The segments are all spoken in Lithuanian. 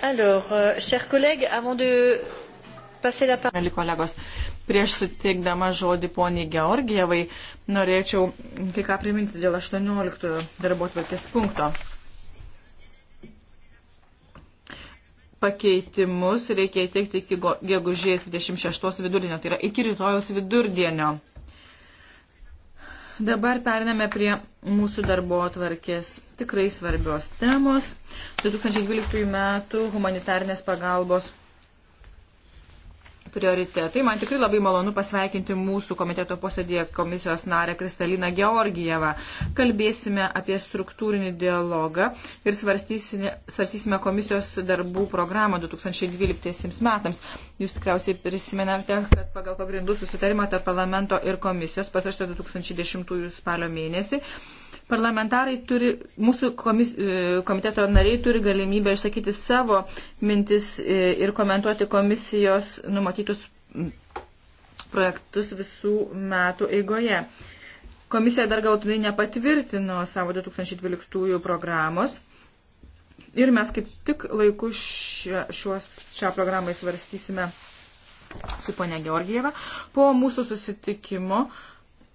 Alors, euh, chers collègues, avant de passer la parole. Mėly kolegos, prieš suteikdama žodį poniai Georgijevai, norėčiau kai ką priminti dėl 18 darbo tvarkės punkto. Pakeitimus reikia įteikti iki gegužės 26 vidudienio, tai yra iki rytojaus vidurdienio. Dabar periname prie mūsų darbo atvarkės tikrai svarbios temos. 2012 m. humanitarnės pagalbos prioritetai. Man tikrai labai malonu pasveikinti mūsų komiteto posėdėje komisijos narę Kristaliną Georgijevą. Kalbėsime apie struktūrinį dialogą ir svarstysime, svarstysime komisijos darbų programą 2012 metams. Jūs tikriausiai prisimenate, kad pagal pagrindų susitarimą tarp parlamento ir komisijos patraštą 2010 spalio mėnesį Parlamentarai turi, mūsų komis, e, komiteto nariai turi galimybę išsakyti savo mintis e, ir komentuoti komisijos numatytus projektus visų metų eigoje. Komisija dar galutinai nepatvirtino savo 2012 programos ir mes kaip tik laiku šią, šios, šią programą įsvarstysime su ponia Georgieva. Po mūsų susitikimo uh,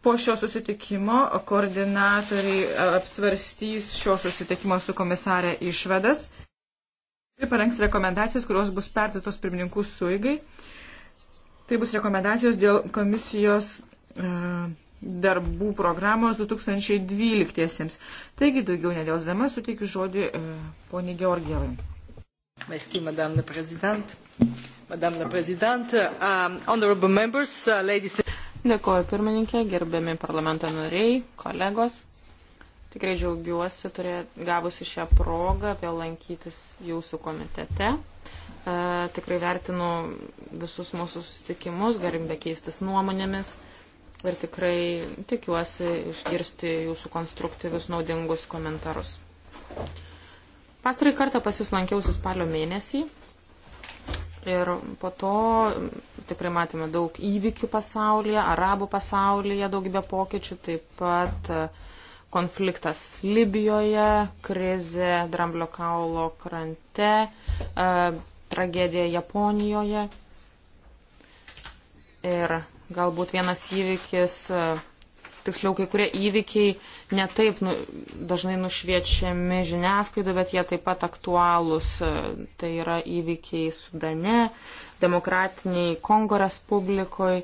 Po šio susitikimo koordinatoriai e, apsvarstys šio susitikimo su komisarė išvedas ir parengs rekomendacijas, kurios bus perdėtos pirmininkų suigai. Tai bus rekomendacijos dėl komisijos e, darbų programos 2012-iesiems. Taigi daugiau nedėlsdama suteikiu žodį e, poniai Georgievai. Merci, madame la présidente. Madame la présidente, um, honorable members, uh, ladies and Dėkuoju pirmininkė, gerbiami parlamento nariai, kolegos. Tikrai džiaugiuosi turė, gavusi šią progą vėl lankytis jūsų komitete. E, tikrai vertinu visus mūsų susitikimus, galimybę keistis nuomonėmis ir tikrai tikiuosi išgirsti jūsų konstruktyvius naudingus komentarus. Pastarąjį kartą pas jūs lankiausi spalio mėnesį ir po to tikrai matėme daug įvykių pasaulyje, arabų pasaulyje, daugybė pokyčių, taip pat e, konfliktas Libijoje, krizė Dramblio kaulo krante, e, tragedija Japonijoje. Ir galbūt vienas įvykis e, tiksliau, kai kurie įvykiai netaip nu, dažnai nušviečiami žiniasklaido, bet jie taip pat aktualūs. Tai yra įvykiai Sudane, Demokratiniai Kongo Respublikoje.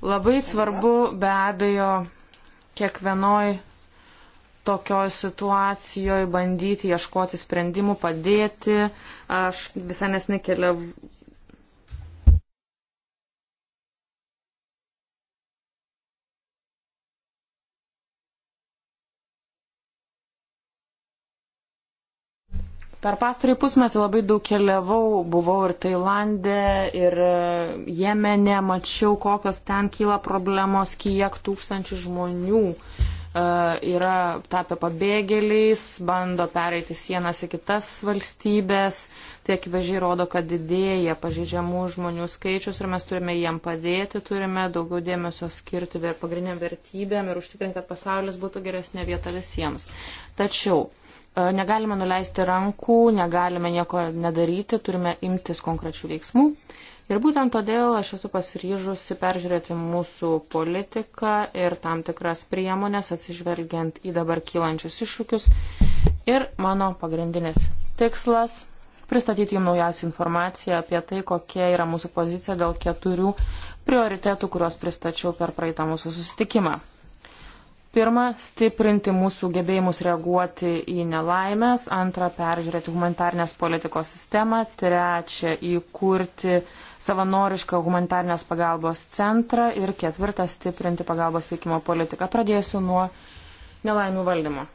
Labai svarbu be abejo kiekvienoj tokioje situacijoje, bandyti ieškoti sprendimų, padėti. Aš visai nesnai keliavau. Per pastarį pusmetį labai daug keliavau, buvau ir Tailandė, ir e, Jemenė, mačiau, kokios ten kyla problemos, kiek tūkstančių žmonių uh, E, yra tapę pabėgėliais, bando pereiti sienas į kitas valstybės. Tai akivaizdžiai rodo, kad didėja pažeidžiamų žmonių skaičius ir mes turime jiem padėti, turime daugiau dėmesio skirti pagrindiniam vertybėm ir užtikrinti, kad pasaulis būtų geresnė vieta visiems. Tačiau e, negalime nuleisti rankų, negalime nieko nedaryti, turime imtis konkrečių veiksmų. Uh, Ir būtent todėl aš esu pasiryžusi peržiūrėti mūsų politiką ir tam tikras priemonės atsižvelgiant į dabar kylančius iššūkius. Ir mano pagrindinis tikslas - pristatyti jums naujausią informaciją apie tai, kokia yra mūsų pozicija dėl keturių prioritetų, kuriuos pristačiau per praeitą mūsų susitikimą. Pirma, stiprinti mūsų gebėjimus reaguoti į nelaimės. Antra, peržiūrėti humanitarnės politikos sistemą. Trečia, įkurti savanorišką humanitarnės pagalbos centrą. Ir ketvirta, stiprinti pagalbos teikimo politiką. Pradėsiu nuo nelaimių valdymo.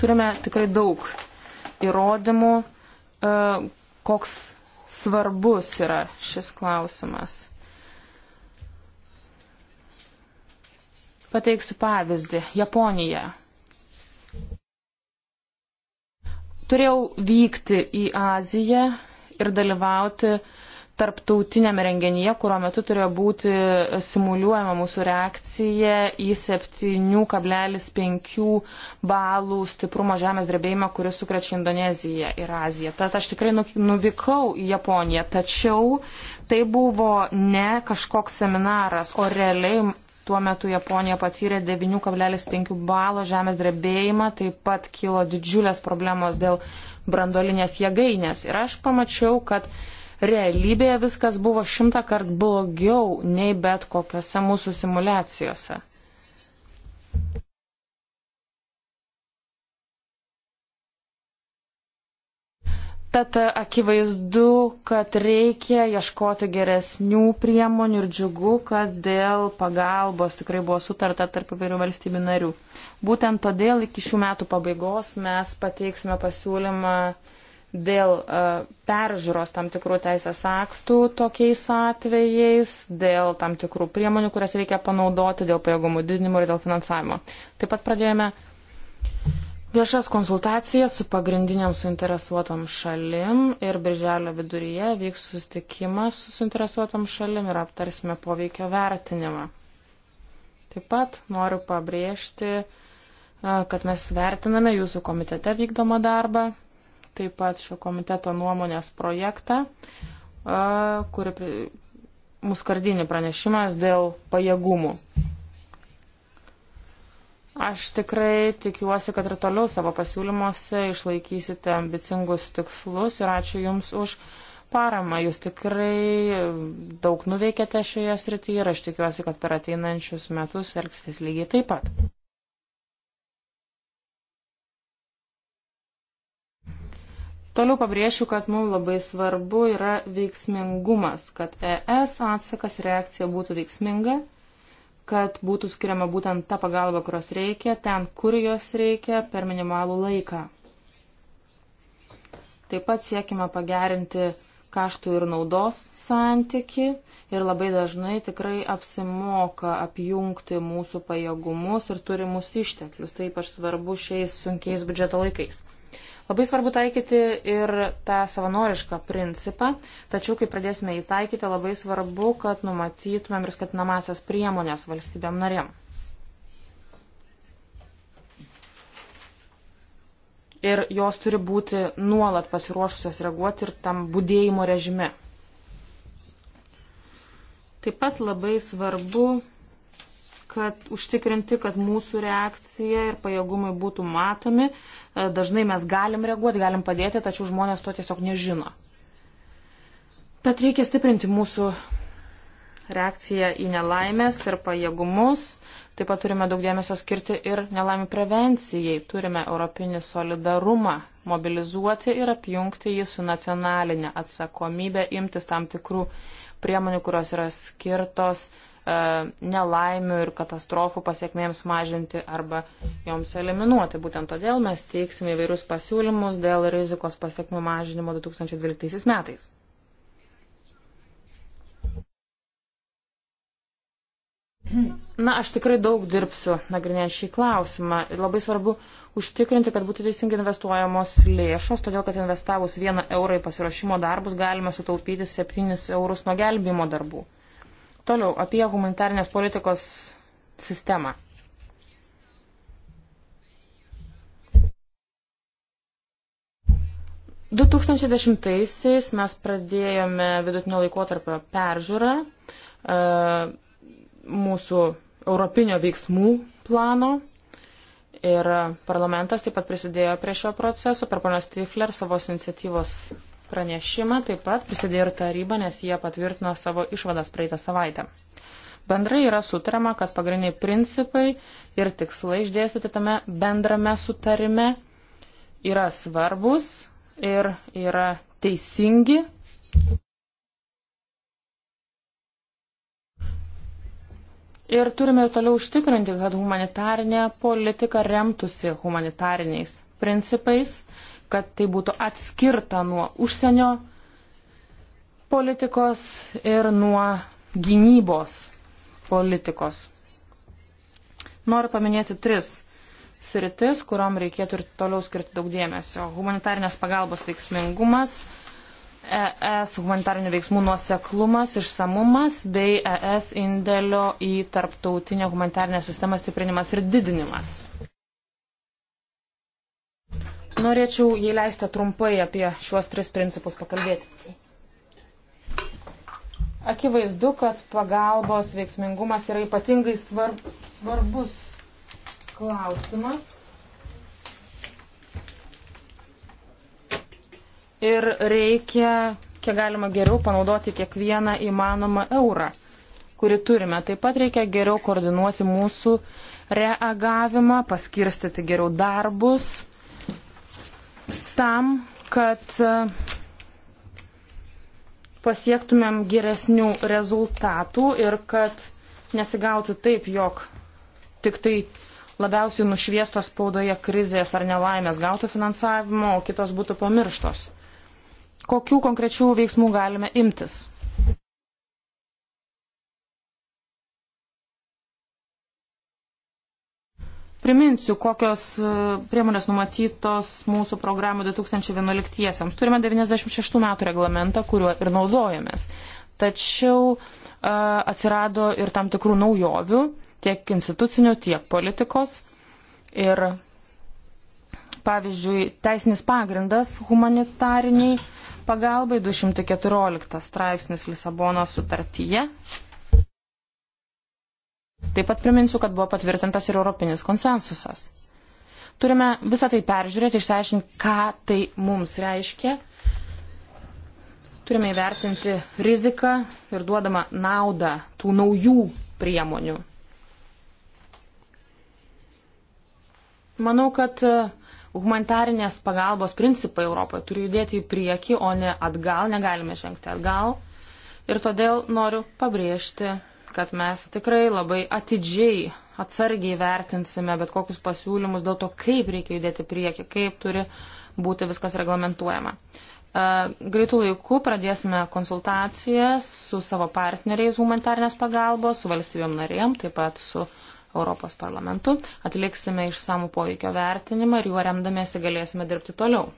Turime tikrai daug įrodymų, e, koks svarbus yra šis klausimas. Pateiksiu pavyzdį. Japonija. Turėjau vykti į Aziją ir dalyvauti tarptautinėme renginyje, kurio metu turėjo būti simuliuojama mūsų reakcija į 7,5 balų stiprumo žemės drebėjimą, kuris sukrečia Indoneziją ir Aziją. Tad aš tikrai nu- nuvykau į Japoniją, tačiau tai buvo ne kažkoks seminaras, o realiai Tuo metu Japonija patyrė 9,5 balo žemės drebėjimą, taip pat kilo didžiulės problemos dėl brandolinės jėgainės. Ir aš pamačiau, kad realybėje viskas buvo šimta kart blogiau nei bet kokiose mūsų simulacijose. Tad akivaizdu, kad reikia ieškoti geresnių priemonių ir džiugu, kad dėl pagalbos tikrai buvo sutarta tarp įvairių valstybių narių. Būtent todėl iki šių metų pabaigos mes pateiksime pasiūlymą dėl uh, peržiūros tam tikrų teisės aktų tokiais atvejais, dėl tam tikrų priemonių, kurias reikia panaudoti, dėl pajėgumų didinimo ir dėl finansavimo. Taip pat pradėjome viešas konsultacijas su pagrindiniam suinteresuotom šalim ir birželio viduryje vyks susitikimas su suinteresuotom šalim ir aptarsime poveikio vertinimą. Taip pat noriu pabrėžti, kad mes vertiname jūsų komitete vykdomą darbą, taip pat šio komiteto nuomonės projektą, kuri muskardinį pranešimas dėl pajėgumų. Aš tikrai tikiuosi, kad ir toliau savo pasiūlymuose išlaikysite ambicingus tikslus ir ačiū Jums už paramą. Jūs tikrai um, daug nuveikėte šioje srityje ir aš tikiuosi, kad per ateinančius metus elgsitės lygiai taip pat. Toliau pabrėšiu, kad mums labai svarbu yra veiksmingumas, kad ES atsakas reakcija būtų veiksminga kad būtų skiriama būtent ta pagalba, kurios reikia, ten, kur jos reikia, per minimalų laiką. Taip pat siekime pagerinti kaštų ir naudos santyki ir labai dažnai tikrai apsimoka apjungti mūsų pajėgumus ir turimus išteklius. Taip aš svarbu šiais sunkiais biudžeto laikais. Labai svarbu taikyti ir tą savanorišką principą, tačiau kai pradėsime jį taikyti, labai svarbu, kad numatytumėm ir skatinamasias priemonės valstybėm narėm. Ir jos turi būti nuolat pasiruošusios reaguoti ir tam būdėjimo režime. Taip pat labai svarbu kad užtikrinti, kad mūsų reakcija ir pajėgumai būtų matomi. E, dažnai mes galim reaguoti, galim padėti, tačiau žmonės to tiesiog nežino. Tad reikia stiprinti mūsų reakciją į nelaimės ir pajėgumus. Taip pat turime daug dėmesio skirti ir nelaimių prevencijai. Turime europinį solidarumą mobilizuoti ir apjungti jį su nacionalinė atsakomybė, imtis tam tikrų priemonių, kurios yra skirtos uh, E, nelaimių ir katastrofų pasiekmėms mažinti arba joms eliminuoti. Būtent todėl mes teiksime įvairius pasiūlymus dėl rizikos pasiekmių mažinimo 2012 metais. Na, aš tikrai daug dirbsiu nagrinėjant šį klausimą. Labai svarbu užtikrinti, kad būtų teisingai investuojamos lėšos, todėl kad investavus vieną eurą į pasiruošimo darbus galima sutaupyti 7 eurus nuo gelbėjimo darbų. Toliau apie humanitarnės politikos sistemą. Du 2010-aisiais mes pradėjome vidutinio laikotarpio peržiūrą e, mūsų europinio veiksmų plano ir parlamentas taip pat prisidėjo prie šio proceso. Per ponios Tifler savos iniciatyvos pranešimą taip pat prisidėjo ir taryba, nes jie patvirtino savo išvadas praeitą savaitę. Bendrai yra sutarama, kad pagrindiniai principai ir tikslai išdėstyti tame bendrame sutarime yra svarbus ir yra teisingi. Ir turime ir toliau užtikrinti, kad humanitarinė politika remtųsi humanitariniais principais kad tai būtų atskirta nuo užsienio politikos ir nuo gynybos politikos. Noriu paminėti tris sritis, kuriuom reikėtų ir toliau skirti daug dėmesio. Humanitarinės pagalbos veiksmingumas, ES humanitarinių veiksmų nuoseklumas, išsamumas bei ES indėlio į tarptautinę humanitarinę sistemą stiprinimas ir didinimas. Norėčiau, jei leistą trumpai apie šiuos tris principus pakalbėti. Akivaizdu, kad pagalbos veiksmingumas yra ypatingai svarb, svarbus klausimas. Ir reikia, kiek galima geriau, panaudoti kiekvieną įmanomą eurą, kurį turime. Taip pat reikia geriau koordinuoti mūsų reagavimą, paskirstyti geriau darbus tam, kad e, pasiektumėm geresnių rezultatų ir kad nesigautų taip, jog tik tai labiausiai nušviestos spaudoje krizės ar nelaimės gautų finansavimo, o kitos būtų pamirštos. Kokių konkrečių veiksmų galime imtis? Priminsiu, kokios e, priemonės numatytos mūsų programų 2011-iesiams. Turime 96 metų reglamentą, kuriuo ir naudojamės. Tačiau e, atsirado ir tam tikrų naujovių, tiek institucinių, tiek politikos. Ir pavyzdžiui, teisinis pagrindas humanitariniai pagalbai 214 straipsnis Lisabono sutartyje Taip pat priminsiu, kad buvo patvirtintas ir europinis konsensusas. Turime visą tai peržiūrėti, išsiaiškinti, ką tai mums reiškia. Turime įvertinti riziką ir duodamą naudą tų naujų priemonių. Manau, kad e, humanitarinės pagalbos principai Europoje turi judėti į priekį, o ne atgal, negalime žengti atgal. Ir todėl noriu pabrėžti kad mes tikrai labai atidžiai, atsargiai vertinsime bet kokius pasiūlymus dėl to, kaip reikia judėti prieki, kaip turi būti viskas reglamentuojama. E, Greitų laikų pradėsime konsultacijas su savo partneriais humanitarnės pagalbos, su valstybėm narėm, taip pat su Europos parlamentu. Atliksime išsamų poveikio vertinimą ir juo remdamėsi galėsime dirbti toliau.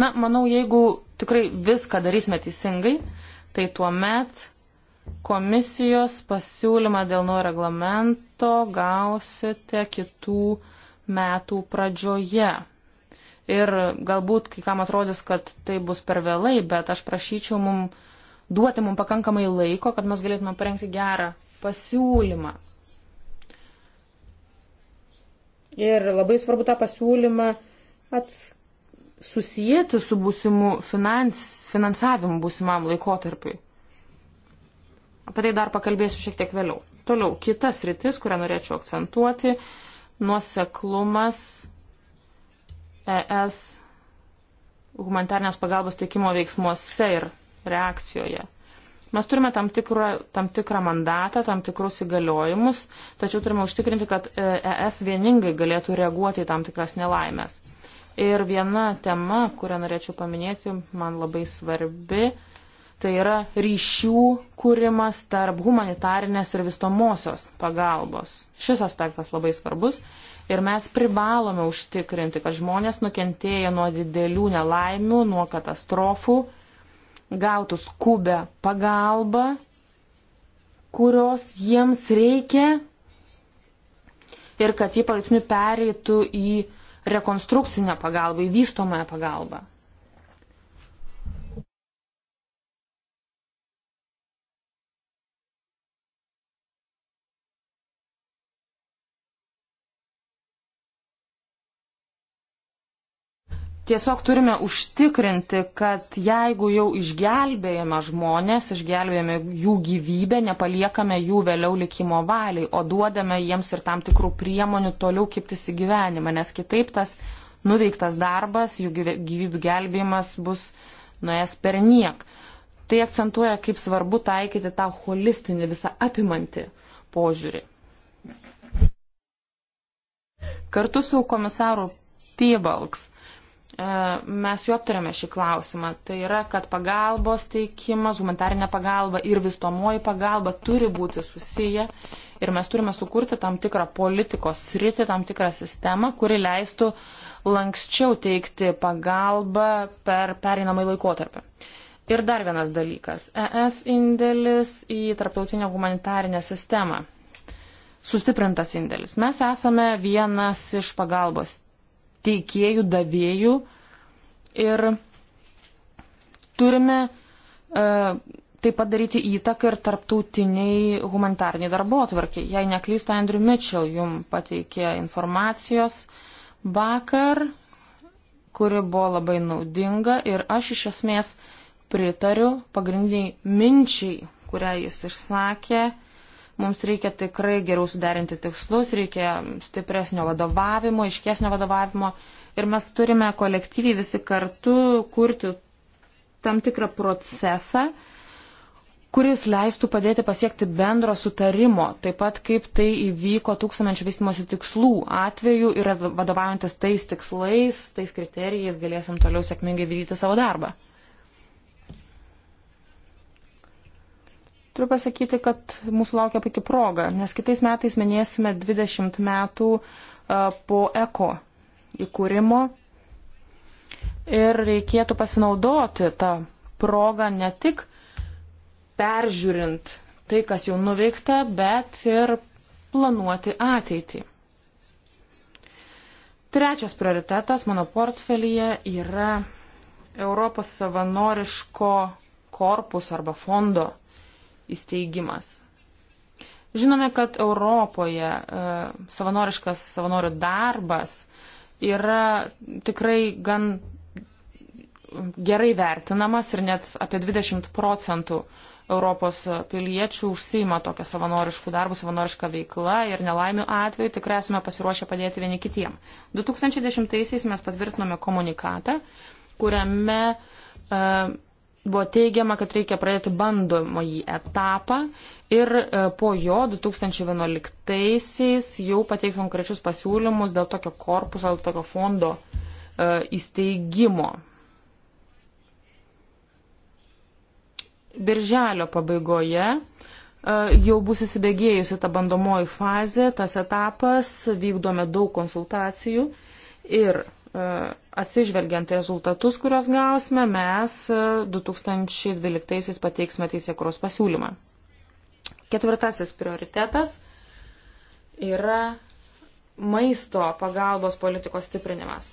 Na, manau, jeigu tikrai viską darysime teisingai, tai tuo met komisijos pasiūlymą dėl nuo reglamento gausite kitų metų pradžioje. Ir galbūt kai kam atrodys, kad tai bus per vėlai, bet aš prašyčiau mum duoti mum pakankamai laiko, kad mes galėtume parengti gerą pasiūlymą. Ir labai svarbu tą pasiūlymą atskirti susijęti su būsimu finans, finansavimu būsimam laikotarpiui. Apie tai dar pakalbėsiu šiek tiek vėliau. Toliau, kitas rytis, kurią norėčiau akcentuoti - nuoseklumas ES humanitarnės pagalbos teikimo veiksmuose ir reakcijoje. Mes turime tam tikrą, tam tikrą mandatą, tam tikrus įgaliojimus, tačiau turime užtikrinti, kad ES vieningai galėtų reaguoti į tam tikras nelaimės. Ir viena tema, kurią norėčiau paminėti, man labai svarbi, tai yra ryšių kūrimas tarp humanitarinės ir vistomosios pagalbos. Šis aspektas labai svarbus ir mes privalome užtikrinti, kad žmonės nukentėję nuo didelių nelaimių, nuo katastrofų, gautų skubę pagalbą, kurios jiems reikia ir kad jie palaipsniui pereitų į rekonstrukcinę pagalbą, į vystomąją pagalbą. Tiesiog turime užtikrinti, kad jeigu jau išgelbėjame žmonės, išgelbėjame jų gyvybę, nepaliekame jų vėliau likimo valiai, o duodame jiems ir tam tikrų priemonių toliau kiptis į gyvenimą, nes kitaip tas nuveiktas darbas, jų gyvybių gelbėjimas bus nuėjęs per niek. Tai akcentuoja, kaip svarbu taikyti tą holistinį, visą apimantį požiūrį. Kartu su komisaru Piebalks E, mes jau aptarėme šį klausimą. Tai yra, kad pagalbos teikimas, humanitarinė pagalba ir vystomoji pagalba turi būti susiję. Ir mes turime sukurti tam tikrą politikos sritį, tam tikrą sistemą, kuri leistų lankščiau teikti pagalbą per pereinamąjį laikotarpį. Ir dar vienas dalykas e - ES indėlis į tarptautinę humanitarinę sistemą. Sustiprintas indėlis. Mes esame vienas iš pagalbos teikėjų, davėjų ir turime uh, taip pat daryti įtaką ir tarptautiniai humanitarniai darbo atvarkiai. Jei neklysta, Andrew Mitchell jum pateikė informacijos vakar, kuri buvo labai naudinga ir aš iš esmės pritariu pagrindiniai minčiai, kurią jis išsakė Mums reikia tikrai geriau suderinti tikslus, reikia stipresnio vadovavimo, iškesnio vadovavimo ir mes turime kolektyviai visi kartu kurti tam tikrą procesą, kuris leistų padėti pasiekti bendro sutarimo, taip pat kaip tai įvyko tūkstančio vystimosi tikslų atveju ir vadovaujantis tais tikslais, tais kriterijais galėsim toliau sėkmingai vykdyti savo darbą. Turiu pasakyti, kad mūsų laukia puikia proga, nes kitais metais minėsime 20 metų po eko įkūrimo ir reikėtų pasinaudoti tą progą ne tik peržiūrint tai, kas jau nuveikta, bet ir planuoti ateitį. Trečias prioritetas mano portfelyje yra Europos savanoriško korpuso arba fondo įsteigimas. Žinome, kad Europoje e, savanoriškas savanorių darbas yra tikrai gan gerai vertinamas ir net apie 20 procentų Europos piliečių užsima tokią savanoriškų darbų, savanorišką veiklą ir nelaimių atveju tikrai esame pasiruošę padėti vieni kitiem. 2010-aisiais mes patvirtinome komunikatą, kuriame uh, buvo teigiama, kad reikia pradėti bandomąjį etapą ir e, po jo 2011-aisiais jau pateikti konkrečius pasiūlymus dėl tokio korpuso, dėl tokio fondo e, įsteigimo. Birželio pabaigoje e, jau bus įsibėgėjusi ta bandomoji fazė, tas etapas, vykdome daug konsultacijų ir E, atsižvelgiant rezultatus, kuriuos gausime, mes 2012 e, pateiksime teisėkuros pasiūlymą. Ketvirtasis prioritetas yra maisto pagalbos politikos stiprinimas.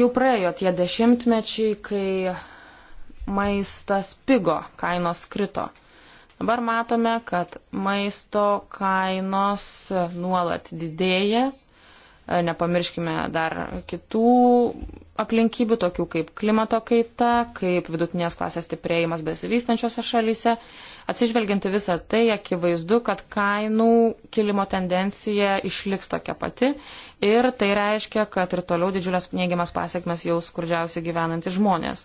Jau praėjo tie dešimtmečiai, kai maistas pigo, kainos krito. Dabar matome, kad maisto kainos nuolat didėja. Nepamirškime dar kitų aplinkybių, tokių kaip klimato kaita, kaip vidutinės klasės stiprėjimas besivystančiose šalyse. Atsižvelginti visą tai, akivaizdu, kad kainų kilimo tendencija išliks tokia pati ir tai reiškia, kad ir toliau didžiulės neigiamas pasiekmes jaus skurdžiausiai gyvenantys žmonės.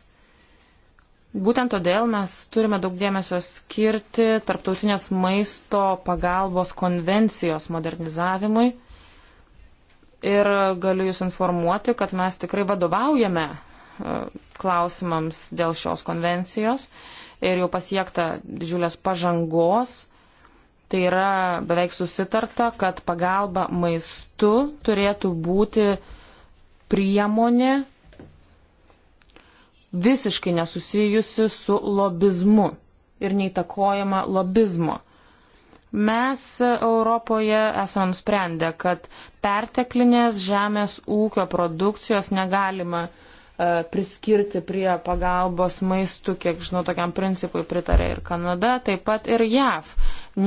Būtent todėl mes turime daug dėmesio skirti tarptautinės maisto pagalbos konvencijos modernizavimui. Ir galiu Jūs informuoti, kad mes tikrai vadovaujame e, klausimams dėl šios konvencijos ir jau pasiekta didžiulės pažangos. Tai yra beveik susitarta, kad pagalba maistu turėtų būti priemonė visiškai nesusijusi su lobizmu ir neįtakojama lobizmo. Mes Europoje esame nusprendę, kad perteklinės žemės ūkio produkcijos negalima e, priskirti prie pagalbos maistų, kiek žinau, tokiam principui pritarė ir Kanada, taip pat ir JAV.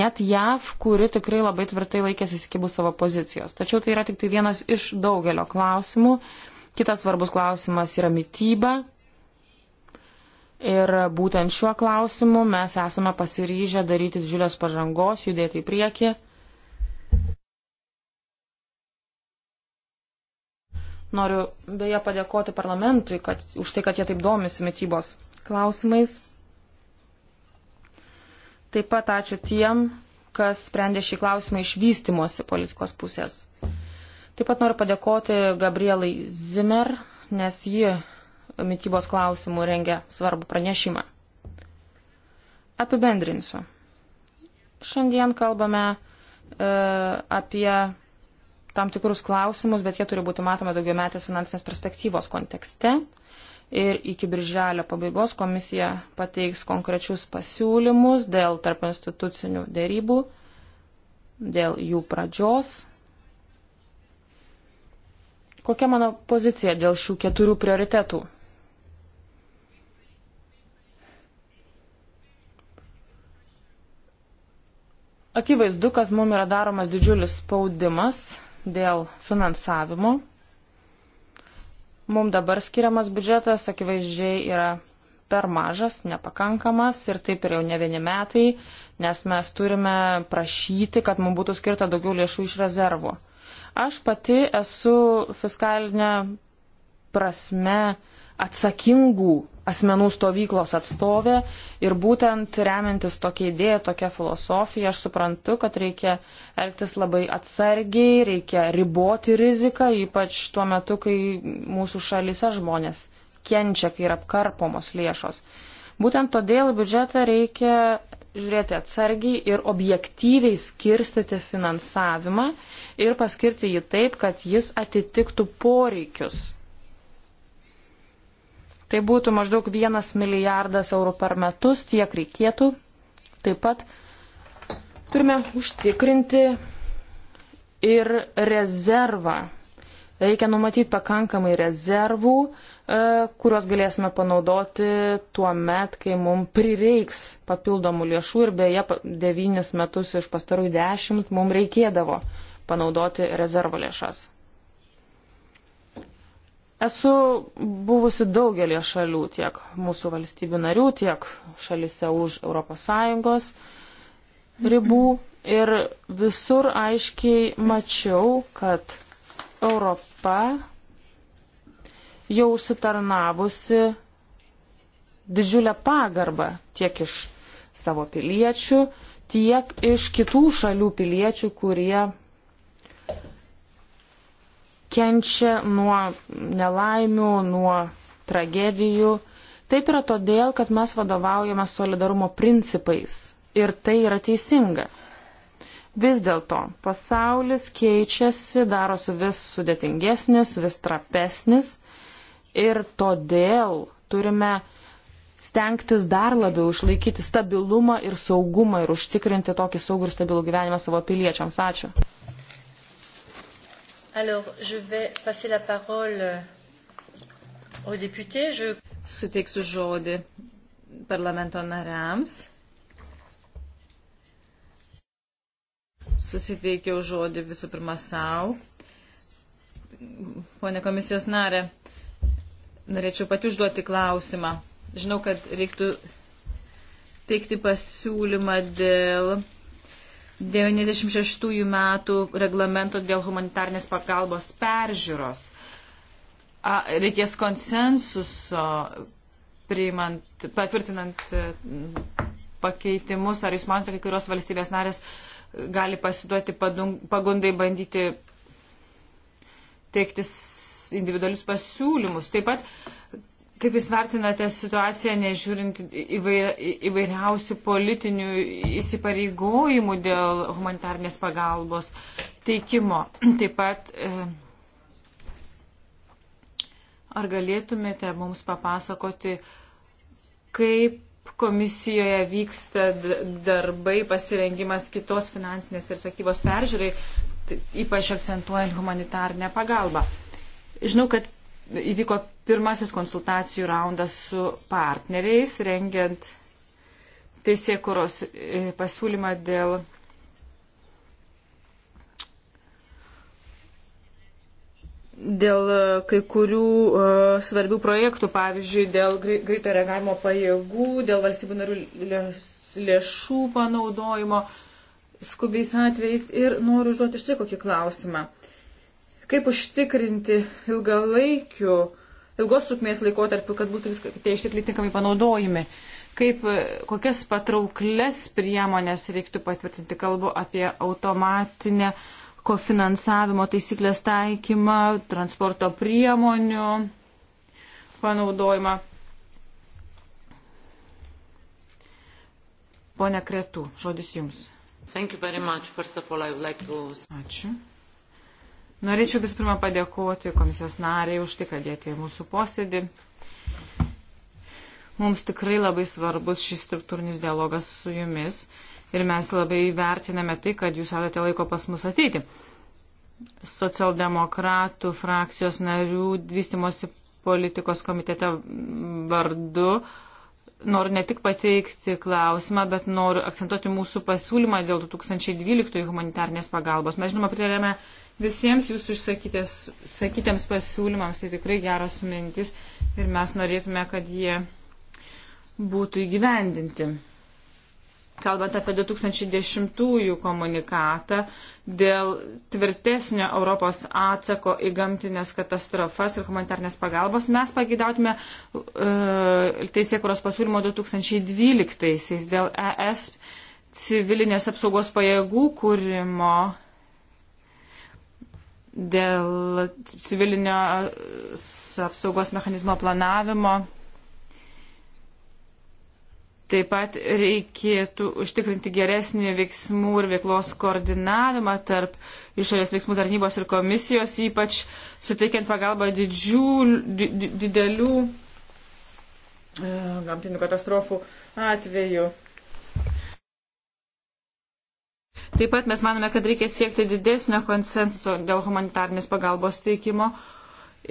Net JAV, kuri tikrai labai tvirtai laikėsi įsikibų savo pozicijos. Tačiau tai yra tik tai vienas iš daugelio klausimų. Kitas svarbus klausimas yra mytyba. Ir būtent šiuo klausimu mes esame pasiryžę daryti didžiulės pažangos, judėti į priekį. Noriu beje padėkoti parlamentui kad, už tai, kad jie taip domisi mytybos klausimais. Taip pat ačiū tiem, kas sprendė šį klausimą iš vystimosi politikos pusės. Taip pat noriu padėkoti Gabrielai Zimmer, nes ji mytybos klausimų rengia svarbų pranešimą. Apibendrinsiu. Šiandien kalbame e, apie tam tikrus klausimus, bet jie turi būti matomi daugiametės finansinės perspektyvos kontekste. Ir iki birželio pabaigos komisija pateiks konkrečius pasiūlymus dėl tarp institucinių dėrybų, dėl jų pradžios Kokia mano pozicija dėl šių keturių prioritetų? Akivaizdu, kad mum yra daromas didžiulis spaudimas dėl finansavimo. Mum dabar skiriamas biudžetas akivaizdžiai yra per mažas, nepakankamas ir taip ir jau ne vieni metai, nes mes turime prašyti, kad mums būtų skirta daugiau lėšų iš rezervų. Aš pati esu fiskalinė prasme atsakingų asmenų stovyklos atstovė ir būtent remiantis tokia idėja, tokia filosofija, aš suprantu, kad reikia elgtis labai atsargiai, reikia riboti riziką, ypač tuo metu, kai mūsų šalyse žmonės kenčia, kai yra apkarpomos lėšos. Būtent todėl biudžetą reikia žiūrėti atsargiai ir objektyviai skirstyti finansavimą ir paskirti jį taip, kad jis atitiktų poreikius Tai būtų maždaug 1 milijardas eurų per metus, tiek reikėtų. Taip pat turime užtikrinti ir rezervą. Reikia numatyti pakankamai rezervų, e, kuriuos galėsime panaudoti tuo met, kai mums prireiks papildomų lėšų ir beje, devynis metus iš pastarųjų dešimt mums reikėdavo panaudoti rezervo lėšas. Esu buvusi daugelį šalių, tiek mūsų valstybių narių, tiek šalise už ES ribų. Ir visur aiškiai mačiau, kad Europa jau užsitarnavusi didžiulę pagarbą tiek iš savo piliečių, tiek iš kitų šalių piliečių, kurie kenčia nuo nelaimių, nuo tragedijų. Taip yra todėl, kad mes vadovaujame solidarumo principais ir tai yra teisinga. Vis dėlto pasaulis keičiasi, darosi vis sudėtingesnis, vis trapesnis ir todėl turime stengtis dar labiau išlaikyti stabilumą ir saugumą ir užtikrinti tokį saugų ir stabilų gyvenimą savo piliečiams. Ačiū. Alors, je vais passer la parole euh, aux députés. Je... Suteiksiu žodį parlamento nariams. Susiteikiau žodį visų pirma savo. Pone komisijos narė, norėčiau pati užduoti klausimą. Žinau, kad reiktų teikti pasiūlymą dėl 96 metų reglamento dėl humanitarnės pagalbos peržiūros. A, reikės konsensuso priimant, patvirtinant e, pakeitimus, ar jūs manote, kai kurios valstybės narės gali pasiduoti pagundai bandyti teiktis individualius pasiūlymus. Taip pat Kaip Jūs vertinate situaciją, nežiūrint įvairiausių politinių įsipareigojimų dėl humanitarnės pagalbos teikimo? Taip pat, e, ar galėtumėte mums papasakoti, kaip komisijoje vyksta darbai, pasirengimas kitos finansinės perspektyvos peržiūrai, ypač akcentuojant humanitarnę pagalbą? Žinau, kad įvyko pirmasis konsultacijų raundas su partneriais, rengiant teisėkuros e, pasiūlymą dėl dėl e, kai kurių uh, svarbių projektų, pavyzdžiui, dėl greito reagavimo pajėgų, dėl valstybių narių lėšų panaudojimo skubiais atvejais. Ir noriu užduoti štai kokį klausimą. Uh, kaip užtikrinti ilgalaikių, ilgos trukmės laikotarpių, kad būtų viską, tie ištekliai tinkamai panaudojami, kaip, kokias patrauklias priemonės reiktų patvirtinti, kalbu apie automatinę kofinansavimo taisyklės taikymą, transporto priemonių panaudojimą. Pone Kretų, žodis Jums. Like to... Ačiū. Norėčiau vis pirma padėkoti komisijos nariai už tai, kad jie atėjo mūsų posėdį. Mums tikrai labai svarbus šis struktūrinis dialogas su jumis ir mes labai vertiname tai, kad jūs radote laiko pas mus ateiti. Socialdemokratų frakcijos narių vystimosi politikos komitete vardu noriu ne tik pateikti klausimą, bet noriu akcentuoti mūsų pasiūlymą dėl 2012 humanitarnės pagalbos. Mes žinoma pritarėme visiems jūsų išsakytiems pasiūlymams. Tai tikrai geros mintis ir mes norėtume, kad jie būtų įgyvendinti. Kalbant apie 2010 komunikatą dėl tvirtesnio Europos atsako į gamtinės katastrofas ir humanitarnės pagalbos, mes pagidautume e, teisėkuros pasiūlymo 2012 dėl ES civilinės apsaugos pajėgų kūrimo dėl civilinio apsaugos mechanizmo planavimo. Taip pat reikėtų užtikrinti geresnį veiksmų ir veiklos koordinavimą tarp išorės veiksmų tarnybos ir komisijos, ypač suteikiant pagalbą didžių, di, di, didelių e, gamtinių katastrofų atveju. Taip pat mes manome, kad reikia siekti didesnio konsensuso dėl humanitarnės pagalbos teikimo.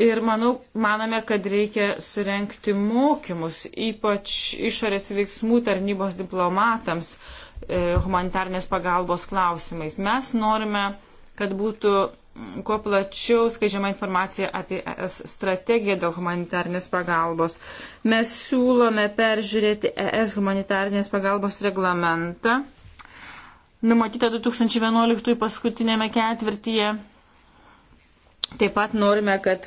Ir manau, manome, kad reikia surenkti mokymus, ypač išorės veiksmų tarnybos diplomatams e, humanitarnės pagalbos klausimais. Mes norime, kad būtų mm, kuo plačiau skaičiama informacija apie ES strategiją dėl humanitarnės pagalbos. Mes siūlome peržiūrėti ES humanitarnės pagalbos reglamentą numatyta 2011 paskutinėme ketvirtyje. Taip pat norime, kad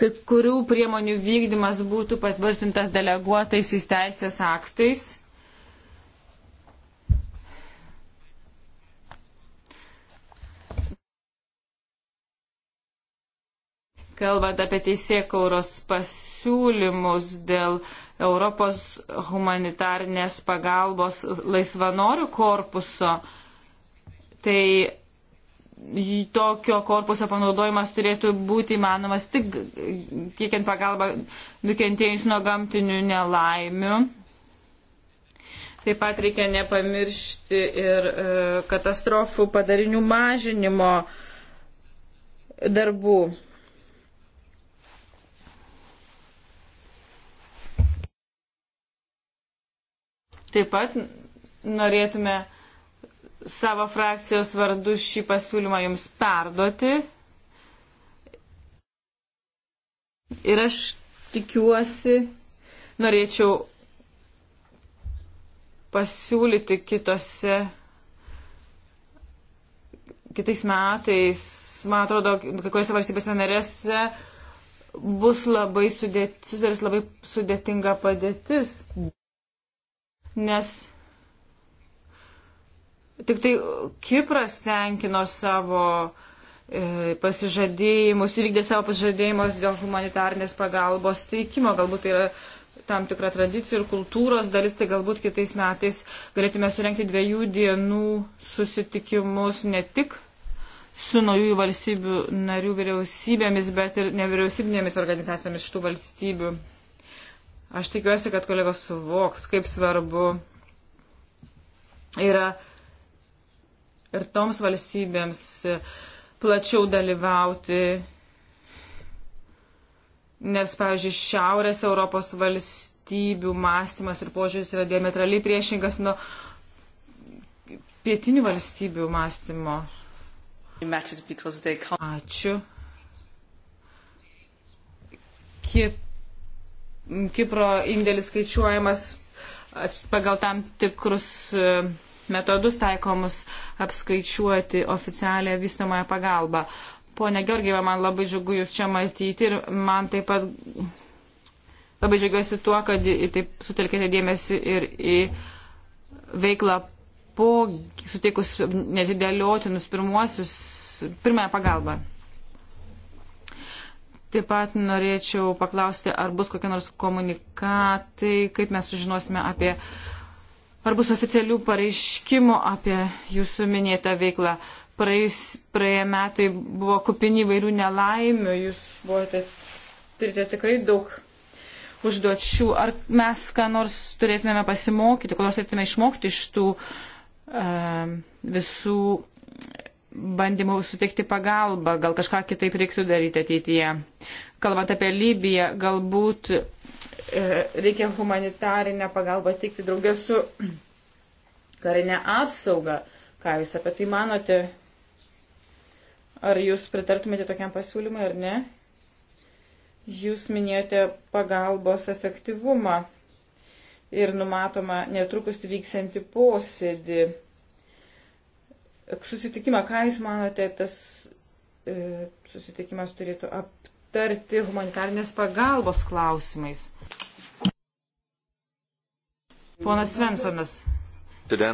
kai kurių priemonių vykdymas būtų patvirtintas deleguotais įsteisės aktais. Kalbant apie teisėkauros pasiūlymus dėl uh, Europos humanitarnės pagalbos laisvanorių korpuso, tai tokio korpuso panaudojimas turėtų būti įmanomas tik tiekiant pagalbą nukentėjus nuo gamtinių nelaimių. Taip pat reikia nepamiršti ir e, katastrofų padarinių mažinimo darbų. Taip pat norėtume savo frakcijos vardu šį pasiūlymą jums perduoti. Ir aš tikiuosi, norėčiau pasiūlyti kitose, kitais metais, man atrodo, kai kuriuose valstybėse narėse bus labai sudėt, labai sudėtinga padėtis nes tik tai Kipras tenkino savo e, pasižadėjimus, įvykdė savo pasižadėjimus dėl humanitarnės pagalbos teikimo. Galbūt tai yra tam tikra tradicija ir kultūros dalis, tai galbūt kitais metais galėtume surenkti dviejų dienų susitikimus ne tik su naujųjų valstybių narių vyriausybėmis, bet ir nevyriausybinėmis organizacijomis šitų valstybių. Aš tikiuosi, kad kolegos suvoks, kaip svarbu yra ir toms valstybėms plačiau dalyvauti, nes, pavyzdžiui, Šiaurės Europos valstybių mąstymas ir požiūris yra diametraliai priešingas nuo pietinių valstybių mąstymo. Ačiū. Kip Kipro indėlis skaičiuojamas pagal tam tikrus e, metodus taikomus apskaičiuoti oficialią vystamąją pagalbą. Pone Georgieva, man labai džiugu Jūs čia matyti ir man taip pat labai džiaugiuosi tuo, kad taip sutelkėte dėmesį ir į veiklą po suteikus nedidėliotinus pirmuosius, pirmąją pagalbą. Taip pat norėčiau paklausti, ar bus kokie nors komunikatai, kaip mes sužinosime apie, ar bus oficialių pareiškimų apie jūsų minėtą veiklą. Praėjus, praėję metai buvo kupini vairių nelaimių, jūs buvote, turite tikrai daug užduočių. Ar mes ką nors turėtumėme pasimokyti, kodėl turėtume išmokti iš tų uh, visų bandymų suteikti pagalbą, gal kažką kitaip reiktų daryti ateityje. Kalbant apie Libiją, galbūt e, reikia humanitarinę pagalbą teikti draugės su karinė apsauga. Ką Jūs apie tai manote? Ar Jūs pritartumėte tokiam pasiūlymui ar ne? Jūs minėjote pagalbos efektyvumą ir numatoma netrukus vyksianti posėdį susitikimą. Ką Jūs manote, tas e, susitikimas turėtų aptarti humanitarnės pagalbos klausimais? Ponas Svensonas. Uh,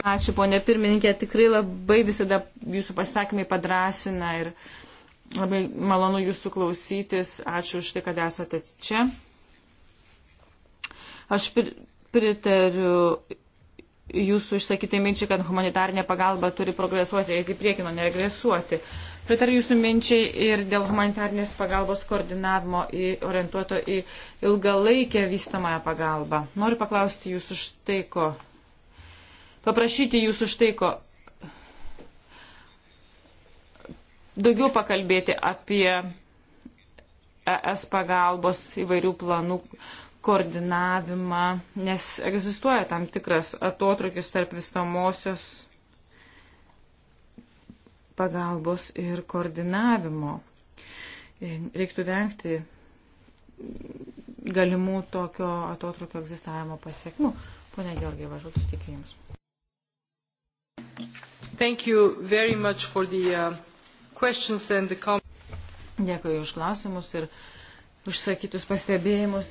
Ačiū, ponė pirmininkė, tikrai labai visada jūsų pasakymai padrasina ir labai malonu jūsų klausytis. Ačiū už tai, kad esate čia. Aš pritariu jūsų išsakytai minčiai, kad humanitarinė pagalba turi progresuoti, eiti priekino, neregresuoti. Pritariu jūsų minčiai ir dėl humanitarinės pagalbos koordinavimo į, orientuoto į ilgalaikę vystamąją pagalbą. Noriu paklausti jūsų štai ko. Paprašyti jūsų štai ko. Daugiau pakalbėti apie ES pagalbos įvairių planų koordinavimą, nes egzistuoja tam tikras atotrukis tarp visomosios pagalbos ir koordinavimo. Reiktų vengti galimų tokio atotrukio egzistavimo pasiekmių. Pone Georgiai, važiuotus tik jums. The... Uh, Dėkui už klausimus ir užsakytus pastebėjimus.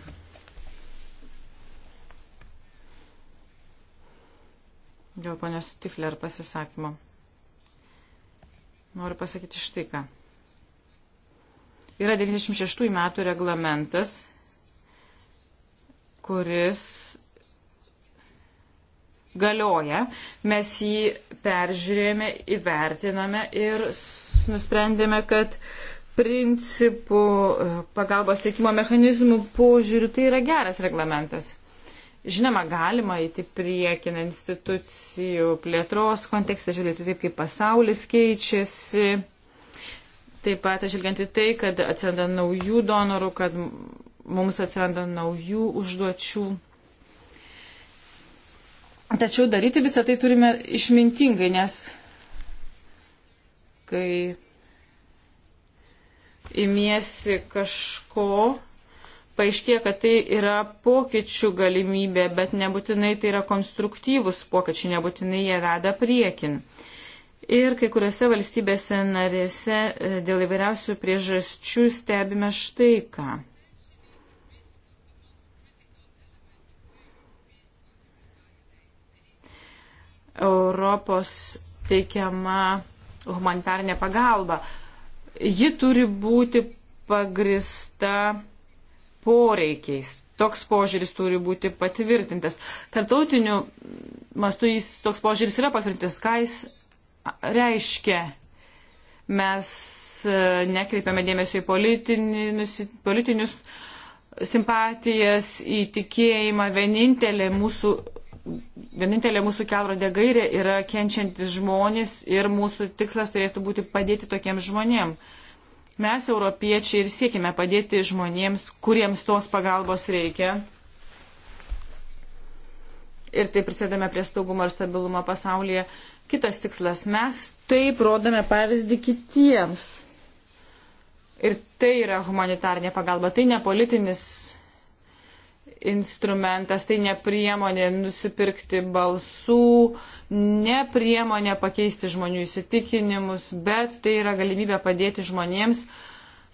dėl ponios Stifler pasisakymo. Noriu pasakyti štai ką. Yra 96 metų reglamentas, kuris galioja. Mes jį peržiūrėjome, įvertinome ir nusprendėme, kad principų e, pagalbos teikimo mechanizmų požiūrių tai yra geras reglamentas. Žinoma, galima įti priekin institucijų plėtros kontekstą, žiūrėti taip, kaip pasaulis keičiasi. Taip pat atsižvelgiant į tai, kad atsiranda naujų donorų, kad mums atsiranda naujų užduočių. Tačiau daryti visą tai turime išmintingai, nes kai imiesi kažko, paaiškėja, kad tai yra pokyčių galimybė, bet nebūtinai tai yra konstruktyvus pokyčiai, nebūtinai jie veda priekin. Ir kai kuriuose valstybėse narėse e, dėl įvairiausių priežasčių stebime štai ką. Europos teikiama humanitarnė pagalba. Ji turi būti pagrista poreikiais. Toks požiūris turi būti patvirtintas. Tarptautiniu mastu jis toks požiūris yra patvirtintas. Ką jis reiškia? Mes e, nekreipiame dėmesio į politinius, politinius simpatijas, į tikėjimą. Vienintelė mūsų, vienintelė mūsų kelrodė gairė yra kenčiantis žmonės ir mūsų tikslas turėtų būti padėti tokiems žmonėms Mes, europiečiai, ir siekime padėti žmonėms, kuriems tos pagalbos reikia. Ir taip prisėdame prie saugumo ir stabilumo pasaulyje. Kitas tikslas - mes taip rodome pavyzdį kitiems. Ir tai yra humanitarnė pagalba, tai ne politinis instrumentas, tai ne priemonė nusipirkti balsų, ne priemonė pakeisti žmonių įsitikinimus, bet tai yra galimybė padėti žmonėms,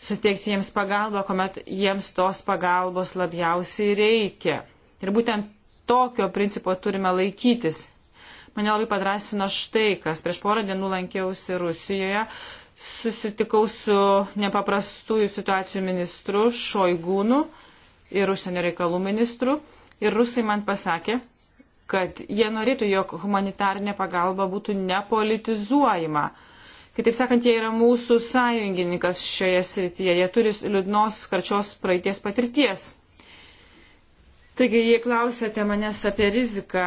suteikti jiems pagalbą, kuomet jiems tos pagalbos labiausiai reikia. Ir būtent tokio principo turime laikytis. Mane labai padrasino štai, kas prieš porą dienų lankiausi Rusijoje, susitikau su nepaprastųjų situacijų ministru Šoigūnu ir užsienio reikalų ministrų. Ir rusai man pasakė, kad jie norėtų, jog humanitarinė pagalba būtų nepolitizuojama. Kitaip sakant, jie yra mūsų sąjungininkas šioje srityje, jie turi liūdnos karčios praeities patirties. Taigi, jei klausėte manęs apie riziką,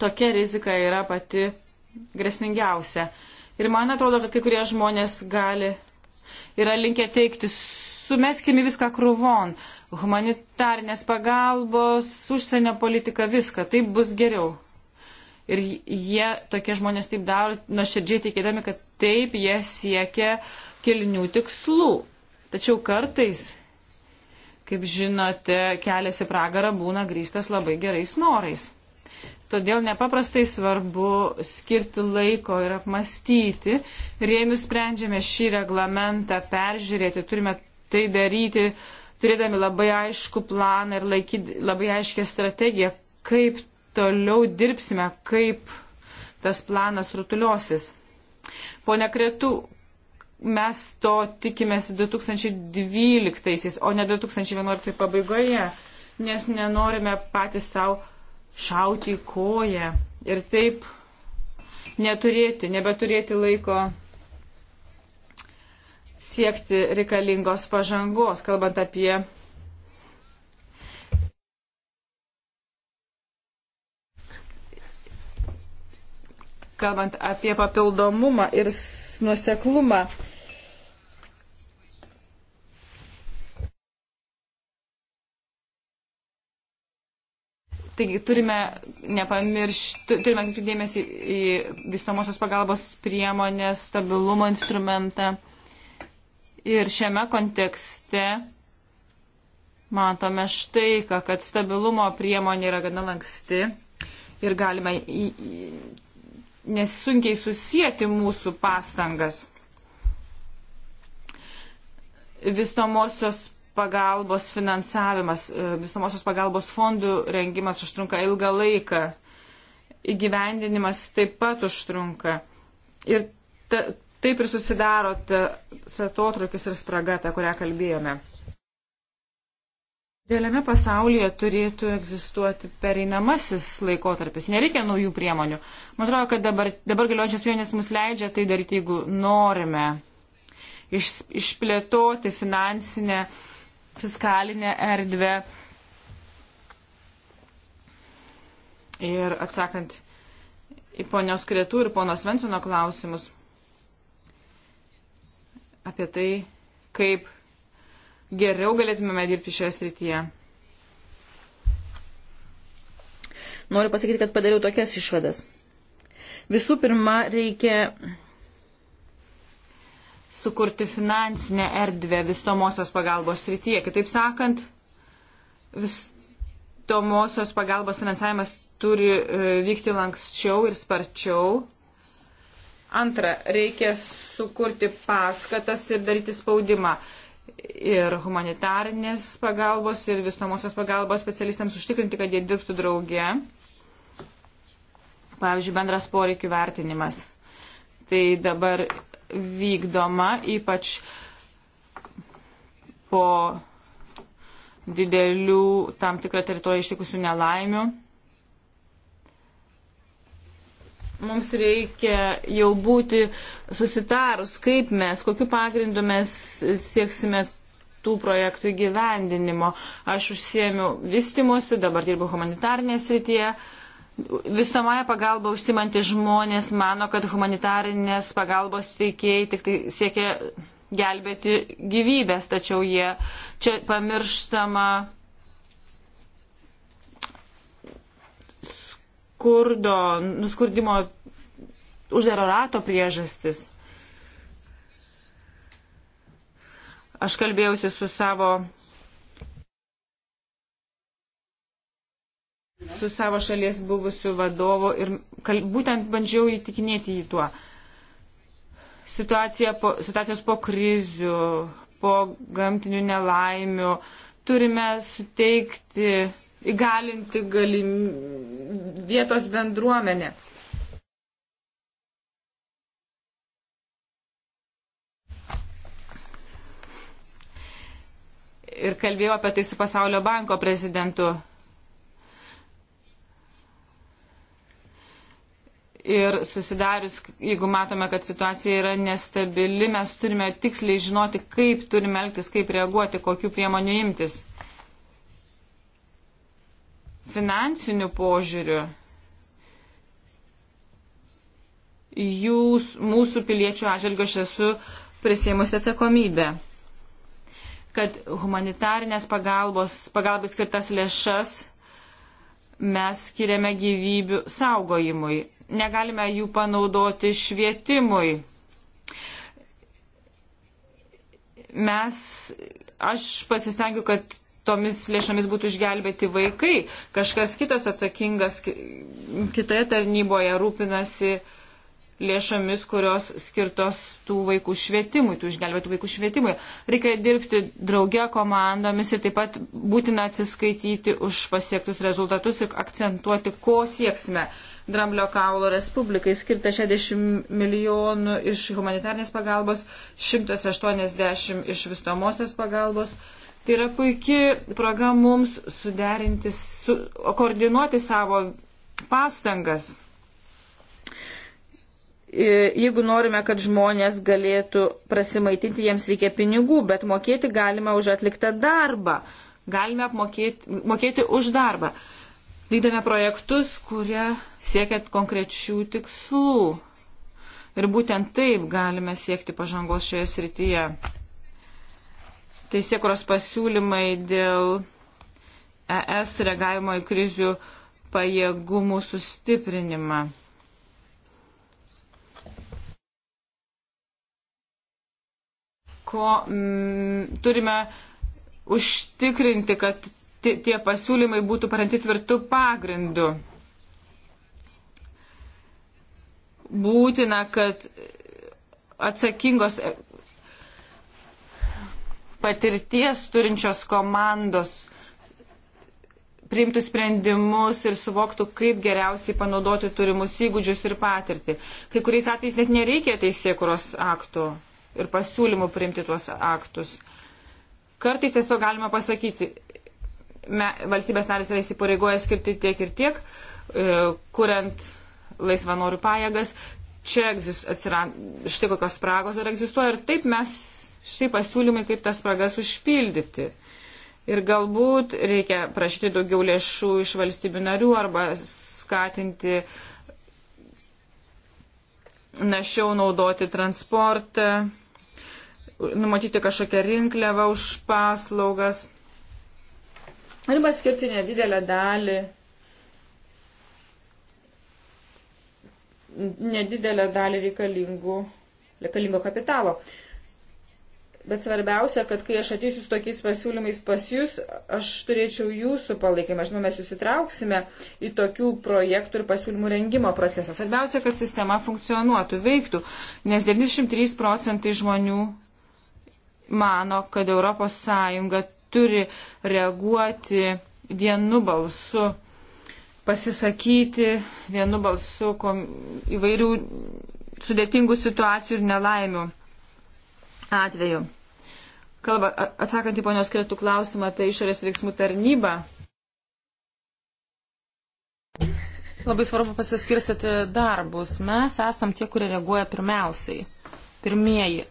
tokia rizika yra pati grėsmingiausia. Ir man atrodo, kad kai kurie žmonės gali, yra linkę teiktis sumeskime viską krūvon. Humanitarnės pagalbos, užsienio politika, viską. Taip bus geriau. Ir jie, tokie žmonės taip daro, nuoširdžiai tikėdami, kad taip jie siekia kilnių tikslų. Tačiau kartais, kaip žinote, kelias į pragarą būna grįstas labai gerais norais. Todėl nepaprastai svarbu skirti laiko ir apmastyti. Ir jei nusprendžiame šį reglamentą peržiūrėti, turime tai daryti, turėdami labai aišku planą ir laikyti labai aiškę strategiją, kaip toliau dirbsime, kaip tas planas rutuliosis. Pone Kretu, mes to tikimės 2012, o ne 2011 pabaigoje, nes nenorime patys savo šauti į koją ir taip neturėti, nebeturėti laiko siekti reikalingos pažangos, kalbant apie kalbant apie papildomumą ir nuoseklumą. Taigi turime nepamiršti, turime atkreipti dėmesį į vystomosios pagalbos priemonės stabilumo instrumentą. Ir šiame kontekste matome štai, kad stabilumo priemonė yra gana lanksti ir galime į, į, nesunkiai susijęti mūsų pastangas. Visnomosios pagalbos finansavimas, e, visomosios pagalbos fondų rengimas užtrunka ilgą laiką, įgyvendinimas taip pat užtrunka. Ir ta, Taip ir susidaro tas atotrukis ir spraga, apie kurią kalbėjome. Dėlėme pasaulyje turėtų egzistuoti pereinamasis laikotarpis. Nereikia naujų priemonių. Man atrodo, kad dabar, dabar galiojančias priemonės mus leidžia tai daryti, jeigu norime iš, išplėtoti finansinę, fiskalinę erdvę. Ir atsakant į ponios Kretų ir ponos Vensono klausimus, apie tai, kaip geriau galėtumėme dirbti šioje srityje. Noriu pasakyti, kad padariau tokias išvadas. Visų pirma, reikia sukurti finansinę erdvę visomosios pagalbos srityje. Kitaip sakant, visomosios pagalbos finansavimas turi e, vykti lankščiau ir sparčiau. Antra, reikia sukurti paskatas ir daryti spaudimą ir humanitarnės pagalbos, ir visomosios pagalbos specialistams užtikrinti, kad jie dirbtų drauge. Pavyzdžiui, bendras poreikių vertinimas. Tai dabar vykdoma, ypač po didelių tam tikrą teritoriją ištikusių nelaimių. mums reikia jau būti susitarus, kaip mes, kokiu pagrindu mes sieksime tų projektų įgyvendinimo. Aš užsiemiu vystimusi, dabar dirbu humanitarnėje srityje. Visomąją pagalbą užsimanti žmonės mano, kad humanitarinės pagalbos teikėjai tik tai siekia gelbėti gyvybės, tačiau jie čia pamirštama skurdo, nuskurdimo uždaro rato priežastis. Aš kalbėjausi su savo, su savo šalies buvusiu vadovu ir kal, būtent bandžiau įtikinėti jį tuo. Situacija po, situacijos po krizių, po gamtinių nelaimių turime suteikti, įgalinti galim, vietos bendruomenė. Ir kalbėjau apie tai su Pasaulio banko prezidentu. ir susidarius, jeigu matome, kad situacija yra nestabili, mes turime tiksliai žinoti, kaip turime elgtis, kaip reaguoti, kokiu priemoniu imtis finansiniu požiūriu jūs, mūsų piliečių atžvilgiu, aš esu prisėmusi atsakomybę, kad humanitarinės pagalbos, pagalbos skirtas lėšas mes skiriame gyvybių saugojimui. Negalime jų panaudoti švietimui. Mes, aš pasistengiu, kad tomis lėšomis būtų išgelbėti vaikai. Kažkas kitas atsakingas kitoje tarnyboje rūpinasi lėšomis, kurios skirtos tų vaikų švietimui, tų išgelbėtų vaikų švietimui. Reikia dirbti drauge komandomis ir taip pat būtina atsiskaityti už pasiektus rezultatus ir akcentuoti, ko sieksime. Dramblio kaulo Respublikai skirta 60 milijonų iš humanitarnės pagalbos, 180 iš visomosios pagalbos. Tai yra puikia proga mums suderinti, su, koordinuoti savo pastangas. Jeigu norime, kad žmonės galėtų prasimaitinti, jiems reikia pinigų, bet mokėti galima už atliktą darbą. Galime apmokėti, mokėti už darbą. Vykdome projektus, kurie siekia konkrečių tikslų. Ir būtent taip galime siekti pažangos šioje srityje teisėkuros pasiūlymai dėl ES reagavimo į krizių pajėgumų sustiprinimą. Ko mm, turime užtikrinti, kad tie pasiūlymai būtų paremti tvirtų pagrindų. Būtina, kad atsakingos patirties turinčios komandos priimtų sprendimus ir suvoktų, kaip geriausiai panaudoti turimus įgūdžius ir patirtį. Kai kuriais atvejais net nereikia teisėkuros aktų ir pasiūlymų priimti tuos aktus. Kartais tiesiog galima pasakyti, me, valstybės narės yra įsipareigoję skirti tiek ir tiek, e, kuriant laisvanorių pajėgas. Čia egzist, atsirand, štai kokios spragos dar egzistuoja ir taip mes štai pasiūlymai, kaip tas spragas užpildyti. Ir galbūt reikia prašyti daugiau lėšų iš valstybių narių arba skatinti našiau naudoti transportą, numatyti kažkokią rinkliavą už paslaugas arba skirti nedidelę dalį. nedidelę dalį reikalingų, reikalingo kapitalo. Uh, Bet svarbiausia, kad kai aš ateisiu su tokiais pasiūlymais pas jūs, aš turėčiau jūsų palaikymą. Žinoma, mes susitrauksime į tokių projektų ir pasiūlymų rengimo procesą. Svarbiausia, kad sistema funkcionuotų, veiktų, nes 93 procentai žmonių mano, kad ES turi reaguoti vienu balsu, pasisakyti vienu balsu įvairių sudėtingų situacijų ir nelaimių atveju kalba, atsakant į ponios kretų klausimą apie išorės veiksmų tarnybą. Labai svarbu pasiskirstyti darbus. Mes esam tie, kurie reaguoja pirmiausiai. Pirmieji e,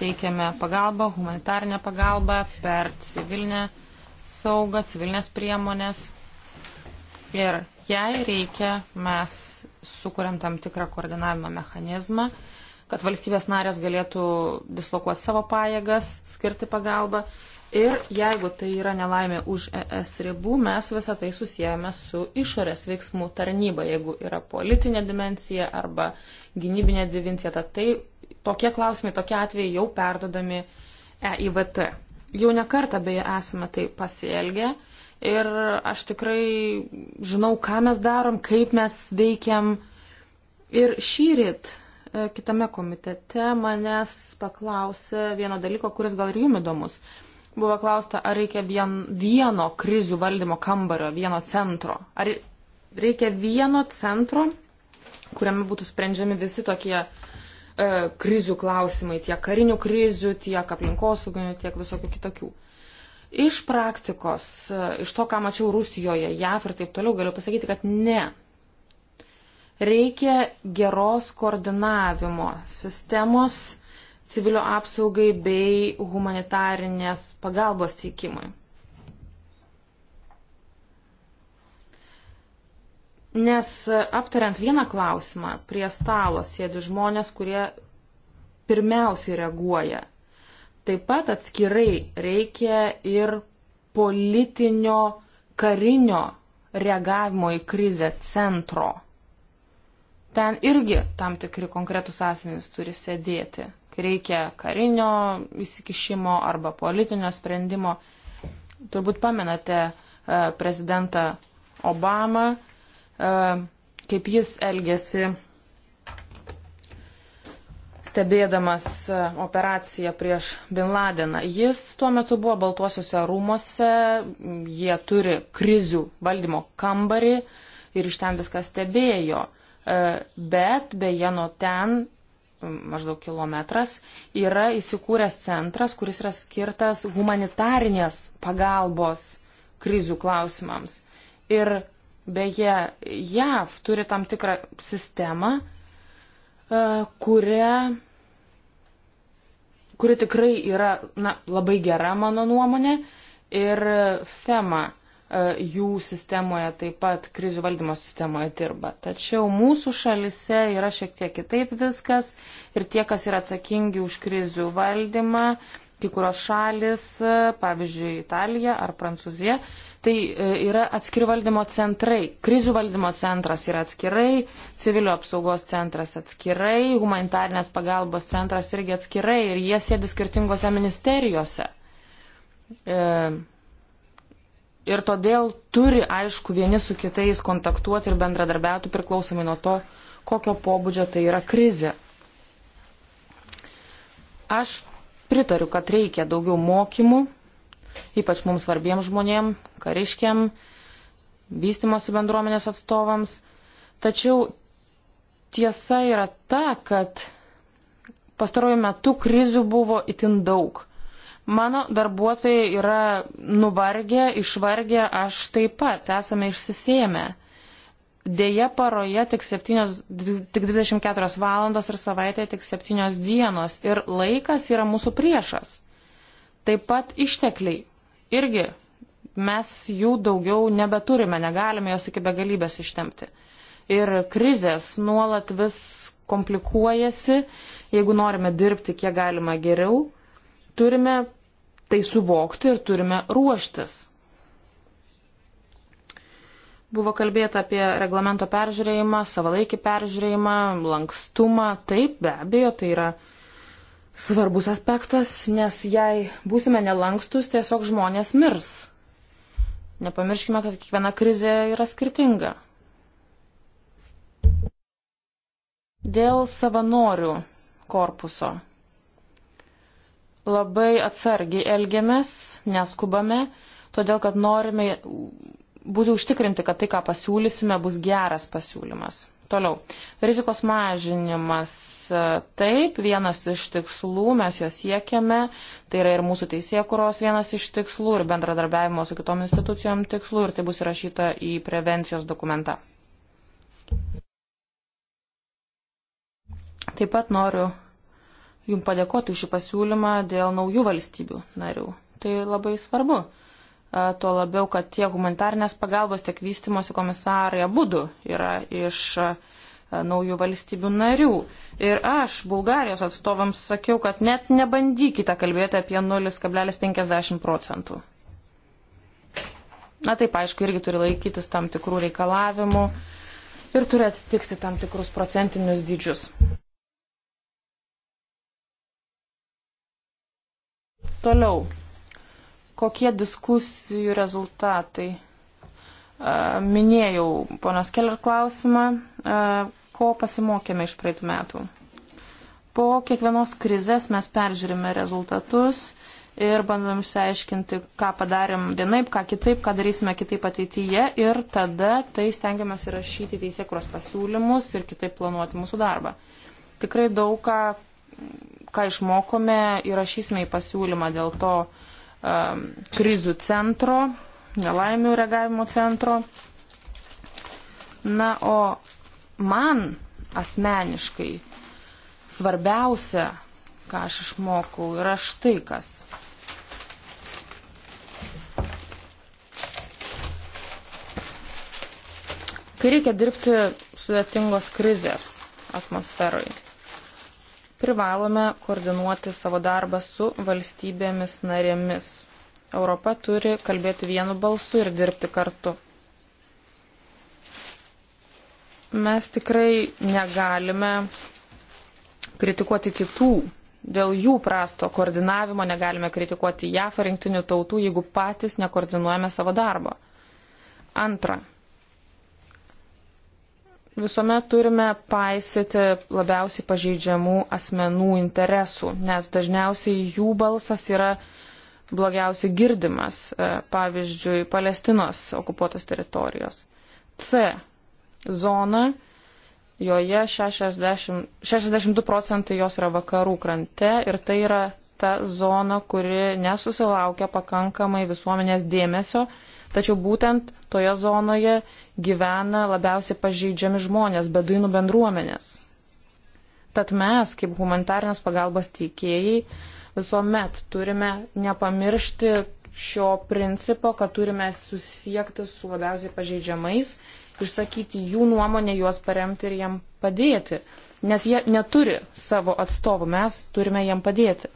teikiame pagalbą, humanitarinę pagalbą per civilinę saugą, civilinės priemonės. Ir jei reikia, mes sukuriam tam tikrą koordinavimo mechanizmą. E, kad valstybės narės galėtų dislokuoti savo pajėgas, skirti pagalbą. Ir jeigu tai yra nelaimė už ES ribų, mes visą tai susijęme su išorės veiksmų tarnyba. Jeigu yra politinė dimencija arba gynybinė dimencija, tai tokie klausimai, tokie atvejai jau perdodami EIVT. Jau nekartą beje esame tai pasielgę ir aš tikrai žinau, ką mes darom, kaip mes veikiam. Ir šyrit E, kitame komitete manęs paklausė vieno dalyko, kuris gal ir jum įdomus. Buvo klausta, ar reikia vien, vieno krizių valdymo kambario, vieno centro. Ar reikia vieno centro, kuriame būtų sprendžiami visi tokie e, krizių klausimai, tiek karinių krizių, tiek aplinkosauginių, tiek visokių kitokių. Iš praktikos, e, iš to, ką mačiau Rusijoje, JAF ir taip toliau, galiu pasakyti, kad ne, Reikia geros koordinavimo sistemos civilio apsaugai bei humanitarinės pagalbos teikimui. Nes aptariant vieną klausimą, prie stalo sėdi žmonės, kurie pirmiausiai reaguoja. Taip pat atskirai reikia ir politinio karinio reagavimo į krizę centro ten irgi tam tikri konkretus asmenys turi sėdėti, kai reikia karinio įsikišimo arba politinio sprendimo. Turbūt pamenate e, prezidentą Obamą, e, kaip jis elgėsi stebėdamas e, operaciją prieš Bin Ladeną. Jis tuo metu buvo Baltuosiuose rūmose, jie turi krizių valdymo kambarį ir iš ten viską stebėjo. E, bet beje nuo ten maždaug kilometras, yra įsikūręs centras, kuris yra skirtas humanitarinės pagalbos krizių klausimams. Ir beje, JAV turi tam tikrą sistemą, e, kuria, kuri tikrai yra na, labai gera mano nuomonė ir FEMA E, jų sistemoje, taip pat krizių valdymo sistemoje dirba. Tačiau mūsų šalise yra šiek tiek kitaip viskas ir tie, kas yra atsakingi už krizių valdymą, kai kurios šalis, e, pavyzdžiui, Italija ar Prancūzija, tai e, yra atskiri valdymo centrai. Krizių valdymo centras yra atskirai, civilio apsaugos centras atskirai, humanitarnės pagalbos centras irgi atskirai ir jie sėdi skirtingose ministerijose. E, ir todėl turi, aišku, vieni su kitais kontaktuoti ir bendradarbiauti priklausomai nuo to, kokio pobūdžio tai yra krizė. Aš pritariu, kad reikia daugiau mokymų, ypač mums svarbiems žmonėm, kariškiam, vystimosi bendruomenės atstovams. Tačiau tiesa yra ta, kad pastarojų metų krizių buvo itin daug. Mano darbuotojai yra nuvargę, išvargę, aš taip pat esame išsisėmę. Deja, paroje tik, 7, tik 24 valandos ir savaitėje tik 7 dienos ir laikas yra mūsų priešas. Taip pat ištekliai irgi mes jų daugiau nebeturime, negalime jos iki begalybės ištemti. Ir krizės nuolat vis komplikuojasi, jeigu norime dirbti kiek galima geriau, turime tai suvokti ir turime ruoštis. Buvo kalbėta apie reglamento peržiūrėjimą, savalaikį peržiūrėjimą, lankstumą. Taip, be abejo, tai yra svarbus aspektas, nes jei būsime nelankstus, tiesiog žmonės mirs. Nepamirškime, kad kiekviena krizė yra skirtinga. Dėl savanorių korpuso labai atsargiai elgiamės, neskubame, todėl kad norime būti užtikrinti, kad tai, ką pasiūlysime, bus geras pasiūlymas. Toliau. Rizikos mažinimas. Taip, vienas iš tikslų, mes jo siekiame, tai yra ir mūsų teisėkuros vienas iš tikslų, ir bendradarbiavimo su kitom institucijom tikslų, ir tai bus įrašyta į prevencijos dokumentą. Taip pat noriu jum padėkotų šį pasiūlymą dėl naujų valstybių narių. Tai labai svarbu. Tuo labiau, kad tiek humanitarnės pagalbos, tiek vystimosi komisarai abudu yra iš naujų valstybių narių. Ir aš Bulgarijos atstovams sakiau, kad net nebandykite kalbėti apie 0,50 procentų. Na taip, aišku, irgi turi laikytis tam tikrų reikalavimų ir turi atitikti tam tikrus procentinius dydžius. Toliau, kokie diskusijų rezultatai? Minėjau ponios Keller klausimą, ko pasimokėme iš praeitų metų. Po kiekvienos krizės mes peržiūrime rezultatus ir bandom išsiaiškinti, ką padarėm vienaip, ką kitaip, ką darysime kitaip ateityje ir tada tai stengiamės įrašyti teisėkuros pasiūlymus ir kitaip planuoti mūsų darbą. Tikrai daug ką ką išmokome, įrašysime į pasiūlymą dėl to um, krizių centro, nelaimių reagavimo centro. Na, o man asmeniškai svarbiausia, ką aš išmokau, yra štai kas. Kai reikia dirbti sudėtingos krizės atmosferoje privalome koordinuoti savo darbą su valstybėmis narėmis. Europa turi kalbėti vienu balsu ir dirbti kartu. Mes tikrai negalime kritikuoti kitų. Dėl jų prasto koordinavimo negalime kritikuoti JAF ar rinktinių tautų, jeigu patys nekoordinuojame savo darbo. Antra, visuomet turime paisyti labiausiai pažeidžiamų asmenų interesų, nes dažniausiai jų balsas yra blogiausiai girdimas, e, pavyzdžiui, Palestinos okupuotos teritorijos. C. Zona. Joje 60, 62 procentai jos yra vakarų krante ir tai yra ta zona, kuri nesusilaukia pakankamai visuomenės dėmesio Tačiau būtent toje zonoje gyvena labiausiai pažeidžiami žmonės, beduinų bendruomenės. Tad mes, kaip humanitarnės pagalbos teikėjai, visuomet turime nepamiršti šio principo, kad turime susiekti su labiausiai pažeidžiamais, išsakyti jų nuomonę, juos paremti ir jam padėti. Nes jie neturi savo atstovų, mes turime jam padėti.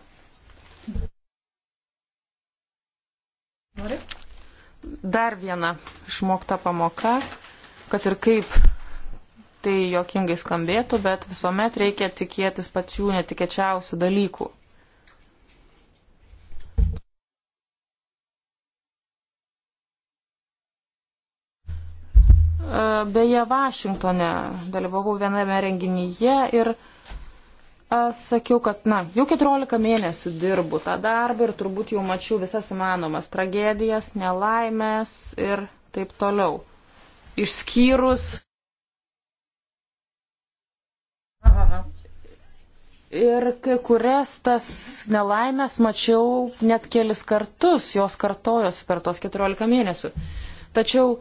Nori? dar viena išmokta pamoka, kad ir kaip tai jokingai skambėtų, bet visuomet reikia tikėtis pačių netikėčiausių dalykų. Beje, Vašingtone dalyvavau viename renginyje ir uh, Aš sakiau, kad, na, jau 14 mėnesių dirbu tą darbą ir turbūt jau mačiau visas įmanomas tragedijas, nelaimės ir taip toliau. Išskyrus. Aha. Ir kai kurias tas nelaimės mačiau net kelis kartus, jos kartojosi per tos 14 mėnesių. Tačiau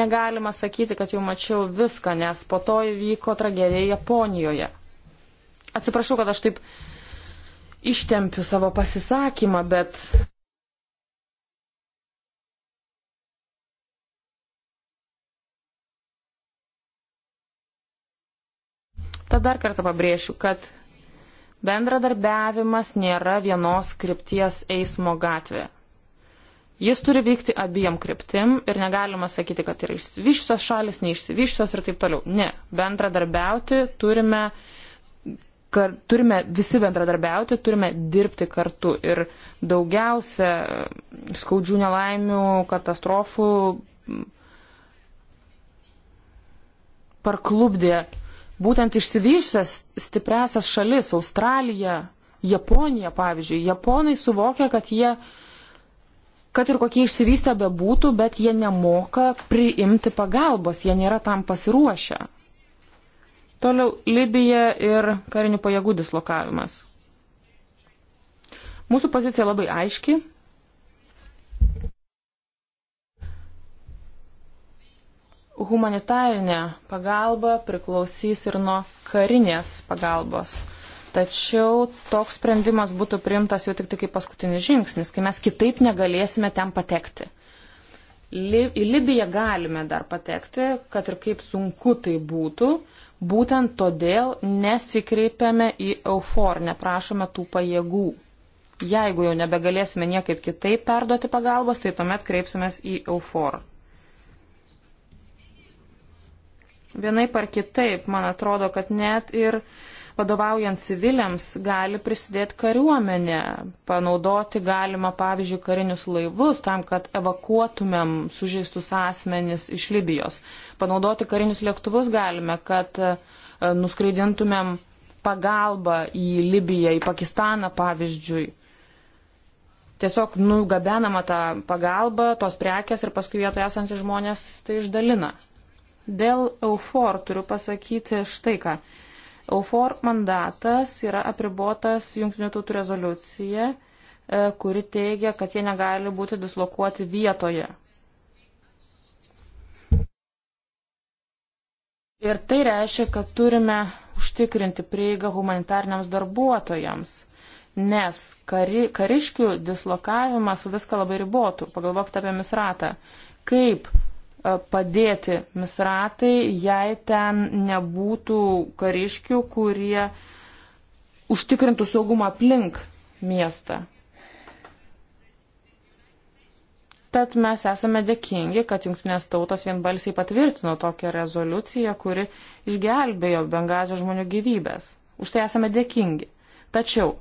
negalima sakyti, kad jau mačiau viską, nes po to įvyko tragedija Japonijoje. Atsiprašau, kad aš taip ištempiu savo pasisakymą, bet. Tad dar kartą pabrėšiu, kad bendradarbiavimas nėra vienos krypties eismo gatvė. Jis turi vykti abiem kryptim ir negalima sakyti, kad tai yra išsivyščios šalis, neišsivyščios ir taip toliau. Ne, bendradarbiauti turime kar, turime visi bendradarbiauti, turime dirbti kartu ir daugiausia skaudžių nelaimių, katastrofų parklubdė būtent išsivyšęs stipresias šalis - Australija, Japonija, pavyzdžiui. Japonai suvokia, kad jie, kad ir kokie išsivystę bebūtų, bet jie nemoka priimti pagalbos, jie nėra tam pasiruošę. Toliau Libija ir karinių pajėgų dislokavimas. Mūsų pozicija labai aiški. Humanitarinė pagalba priklausys ir nuo karinės pagalbos. Tačiau toks sprendimas būtų priimtas jau tik tai kaip paskutinis žingsnis, kai mes kitaip negalėsime ten patekti. Li į Libiją galime dar patekti, kad ir kaip sunku tai būtų, Būtent todėl nesikreipiame į eufor, neprašome tų pajėgų. Jeigu jau nebegalėsime niekaip kitaip perduoti pagalbos, tai tuomet kreipsimės į eufor. Vienaip ar kitaip, man atrodo, kad net ir uh, vadovaujant civiliams gali prisidėti kariuomenė, panaudoti galima, pavyzdžiui, karinius laivus tam, kad evakuotumėm sužeistus asmenis iš Libijos. Panaudoti karinius lėktuvus galime, kad e, nuskraidintumėm pagalbą į Libiją, į Pakistaną, pavyzdžiui. Tiesiog nugabenama ta pagalba, tos prekes ir paskui vietoje esantys žmonės tai išdalina. Dėl eufor turiu pasakyti štai ką. EUFOR mandatas yra apribotas Junktinių tautų rezoliucija, e, kuri teigia, kad jie negali būti dislokuoti vietoje. Ir tai reiškia, kad turime užtikrinti prieigą humanitarniams darbuotojams, nes kari, kariškių dislokavimas viską labai ribotų. Pagalvokite apie misratą. Kaip E, padėti misratai, jei ten nebūtų kariškių, kurie užtikrintų saugumą aplink miestą. Tad mes esame dėkingi, kad Junktinės tautos vienbalsiai patvirtino tokią rezoliuciją, kuri išgelbėjo Bengazio žmonių gyvybės. Už tai esame dėkingi. Tačiau,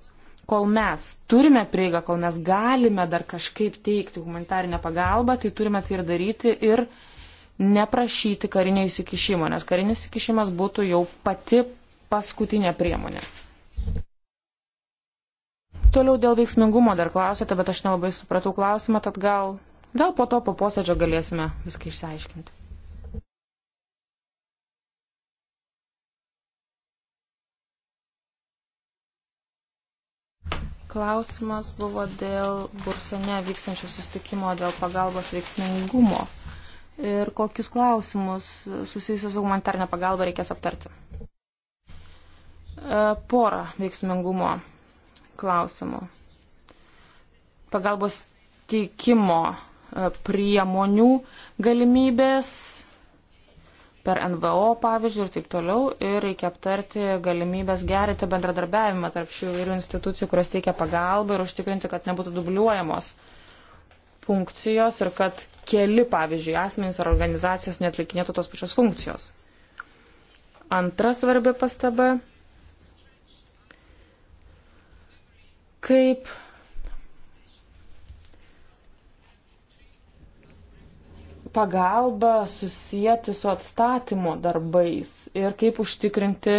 kol mes turime prieigą, kol mes galime dar kažkaip teikti humanitarinę pagalbą, tai turime tai ir daryti ir uh, neprašyti karinio įsikišimo, nes karinis įsikišimas būtų jau pati paskutinė priemonė. Toliau dėl veiksmingumo dar klausėte, bet aš nelabai supratau klausimą, tad gal, gal po to po posėdžio galėsime viską išsiaiškinti. Klausimas buvo dėl Bursane vykstančio sustikimo dėl pagalbos veiksmingumo ir kokius klausimus susijusius su humanitarnė pagalba reikės aptarti. E, porą veiksmingumo klausimų. Pagalbos teikimo e, priemonių galimybės per NVO, pavyzdžiui, ir taip toliau. Ir reikia aptarti galimybės gerinti bendradarbiavimą tarp šių įvairių institucijų, kurios teikia pagalbą ir užtikrinti, kad nebūtų dubliuojamos uh, funkcijos ir kad keli, pavyzdžiui, asmenys ar organizacijos netlikinėtų tos pačios funkcijos. Antra svarbi pastaba. Kaip pagalba susijęti su atstatymo darbais ir kaip užtikrinti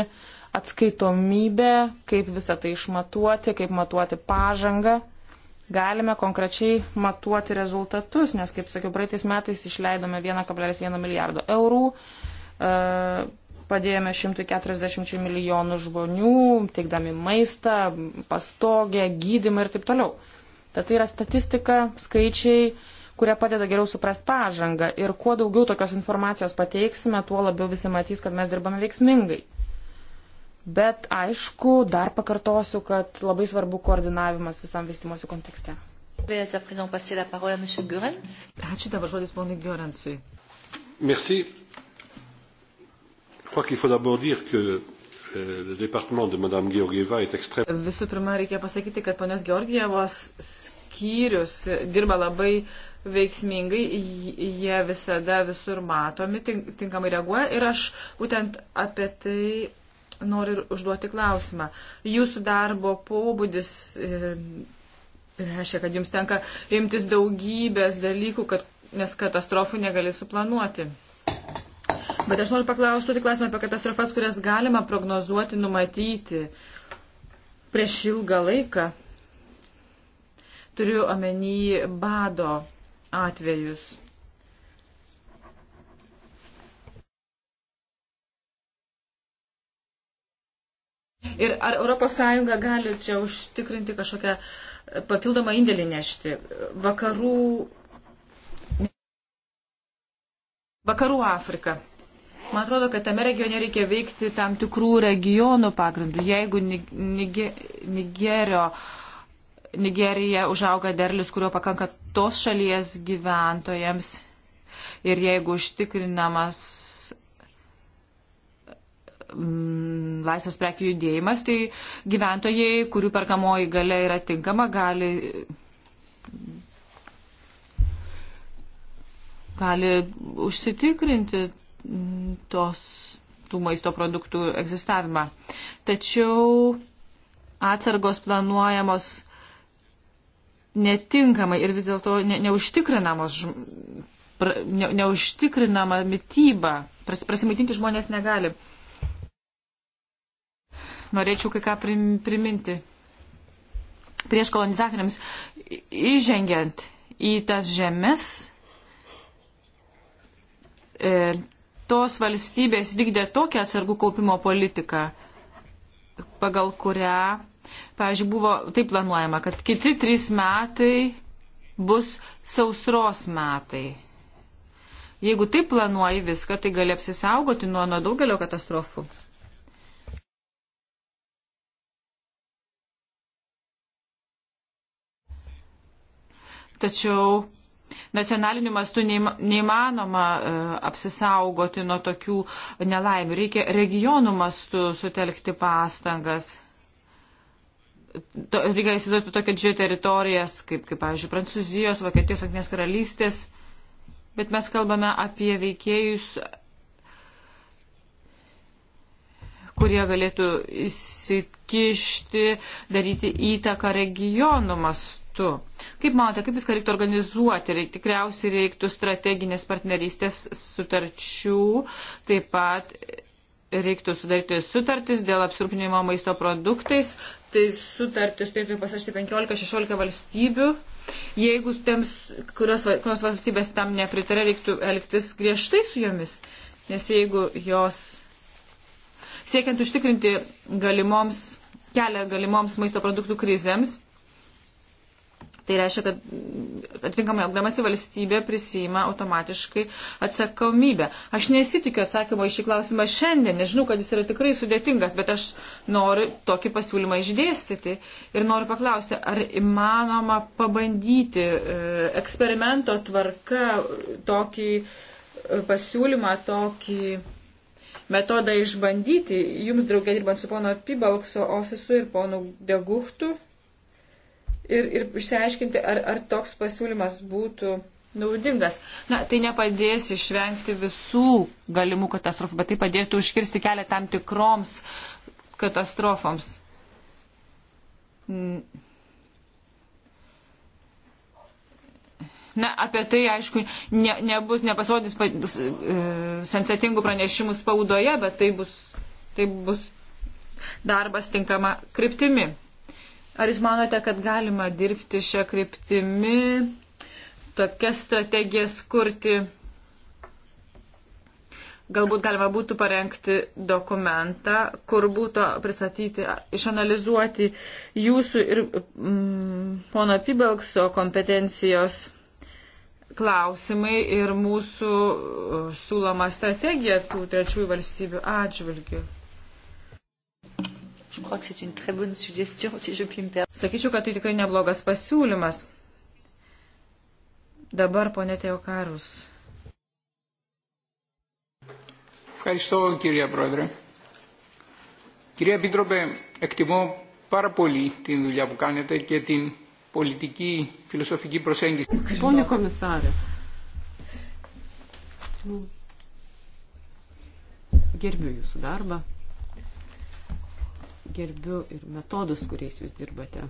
atskaitomybę, kaip visą tai išmatuoti, kaip matuoti pažangą galime konkrečiai matuoti rezultatus, nes, kaip sakiau, praeitais metais išleidome 1,1 milijardo eurų, e, padėjome 140 milijonų žmonių, teikdami maistą, pastogę, gydimą ir taip toliau. Tad tai yra statistika, skaičiai, kurie padeda geriau suprasti pažangą ir kuo daugiau tokios informacijos pateiksime, tuo labiau visi matys, kad mes dirbame veiksmingai. Bet aišku, dar pakartosiu, kad labai svarbu koordinavimas visam vystimosi kontekste. Ačiū dabar žodis ponui Giorensui. Merci. Je crois qu'il faut d'abord dire que euh, le département de Mme Georgieva est extrêmement. Visų pirma, reikia pasakyti, kad ponios Georgievos skyrius dirba labai veiksmingai, jie visada visur matomi, tinkamai reaguoja ir aš būtent apie tai noriu ir užduoti klausimą. Jūsų darbo pobūdis e, reiškia, kad jums tenka imtis daugybės dalykų, kad, nes katastrofų negali suplanuoti. Bet aš noriu paklausti tik klausimą apie katastrofas, kurias galima prognozuoti, numatyti prieš ilgą laiką. Turiu omeny bado atvejus. Ir ar ES gali čia užtikrinti kažkokią e, papildomą indėlį nešti vakarų, vakarų Afriką? Man atrodo, kad tame regione reikia veikti tam tikrų regionų pagrindų. Jeigu Nigerio, Nigerio Nigerija užauga derlius, kurio pakanka tos šalies gyventojams ir jeigu užtikrinamas Mm, laisvas prekių judėjimas, tai gyventojai, kurių perkamoji gale yra tinkama, gali, gali užsitikrinti tos, tų maisto produktų egzistavimą. Tačiau atsargos planuojamos netinkamai ir vis dėlto ne, neužtikrinamos neužtikrinama mytyba, prasimaitinti žmonės negali norėčiau kai ką priminti. Prieš kolonizatoriams įžengiant į tas žemės, e, tos valstybės vykdė tokią atsargų kaupimo politiką, pagal kurią, pavyzdžiui, buvo taip planuojama, kad kiti trys metai bus sausros metai. Jeigu taip planuoji viską, tai gali apsisaugoti nuo, nuo daugelio katastrofų. tačiau nacionaliniu mastu neįmanoma e, apsisaugoti nuo tokių nelaimių. Reikia regionų mastu sutelkti pastangas. To, reikia įsivaizduoti tokias didžiulės teritorijas, kaip, kaip, pavyzdžiui, Prancūzijos, Vokietijos, Angnės karalystės, bet mes kalbame apie veikėjus, kurie galėtų įsikišti, daryti įtaką regionų mastu aspektu. Kaip manote, kaip viską reiktų organizuoti? Reik, tikriausiai reiktų strateginės partnerystės sutarčių, taip pat reiktų sudaryti sutartis dėl apsirūpinimo maisto produktais. Tai sutartis turėtų pasirašyti 15-16 valstybių. Jeigu tiems, kurios, kurios valstybės tam nepritarė, reiktų elgtis griežtai su jomis. Nes jeigu jos siekiant užtikrinti galimoms, kelią galimoms maisto produktų krizėms, Tai reiškia, kad atvinkamai elgdamasi valstybė prisima automatiškai atsakomybę. Aš nesitikiu atsakymo į šį klausimą šiandien, nežinau, kad jis yra tikrai sudėtingas, bet aš noriu tokį pasiūlymą išdėstyti ir noriu paklausti, ar įmanoma pabandyti e, eksperimento tvarka tokį e, pasiūlymą, tokį metodą išbandyti, jums draugė dirbant su pono Pibalkso ofisu ir ponu Deguchtu, ir, ir išsiaiškinti, ar, ar toks pasiūlymas būtų naudingas. Na, tai nepadės išvengti visų galimų katastrofų, bet tai padėtų užkirsti kelią tam tikroms katastrofoms. Mm. Na, apie tai, aišku, ne, nebus, nepasirodys e, sensatingų pranešimų spaudoje, bet tai bus, tai bus darbas tinkama kryptimi. Ar jūs manote, kad galima dirbti šią kryptimį, tokias strategijas kurti? Galbūt galima būtų parengti dokumentą, kur būtų pristatyti, išanalizuoti jūsų ir mm, pono Pibelkso kompetencijos klausimai ir mūsų e, siūloma strategija tų trečiųjų valstybių atžvilgių. Sakyčiau, kad tai tikrai neblogas pasiūlymas. Dabar ponė Teokarus. Ευχαριστώ κυρία Πρόεδρε. Κυρία Επίτροπε, εκτιμώ πάρα πολύ τη δουλειά που κάνετε και την πολιτική φιλοσοφική προσέγγιση. Πόνε κομισάρε. Gerbiu jūsų darbą gerbiu ir metodus, kuriais jūs dirbate.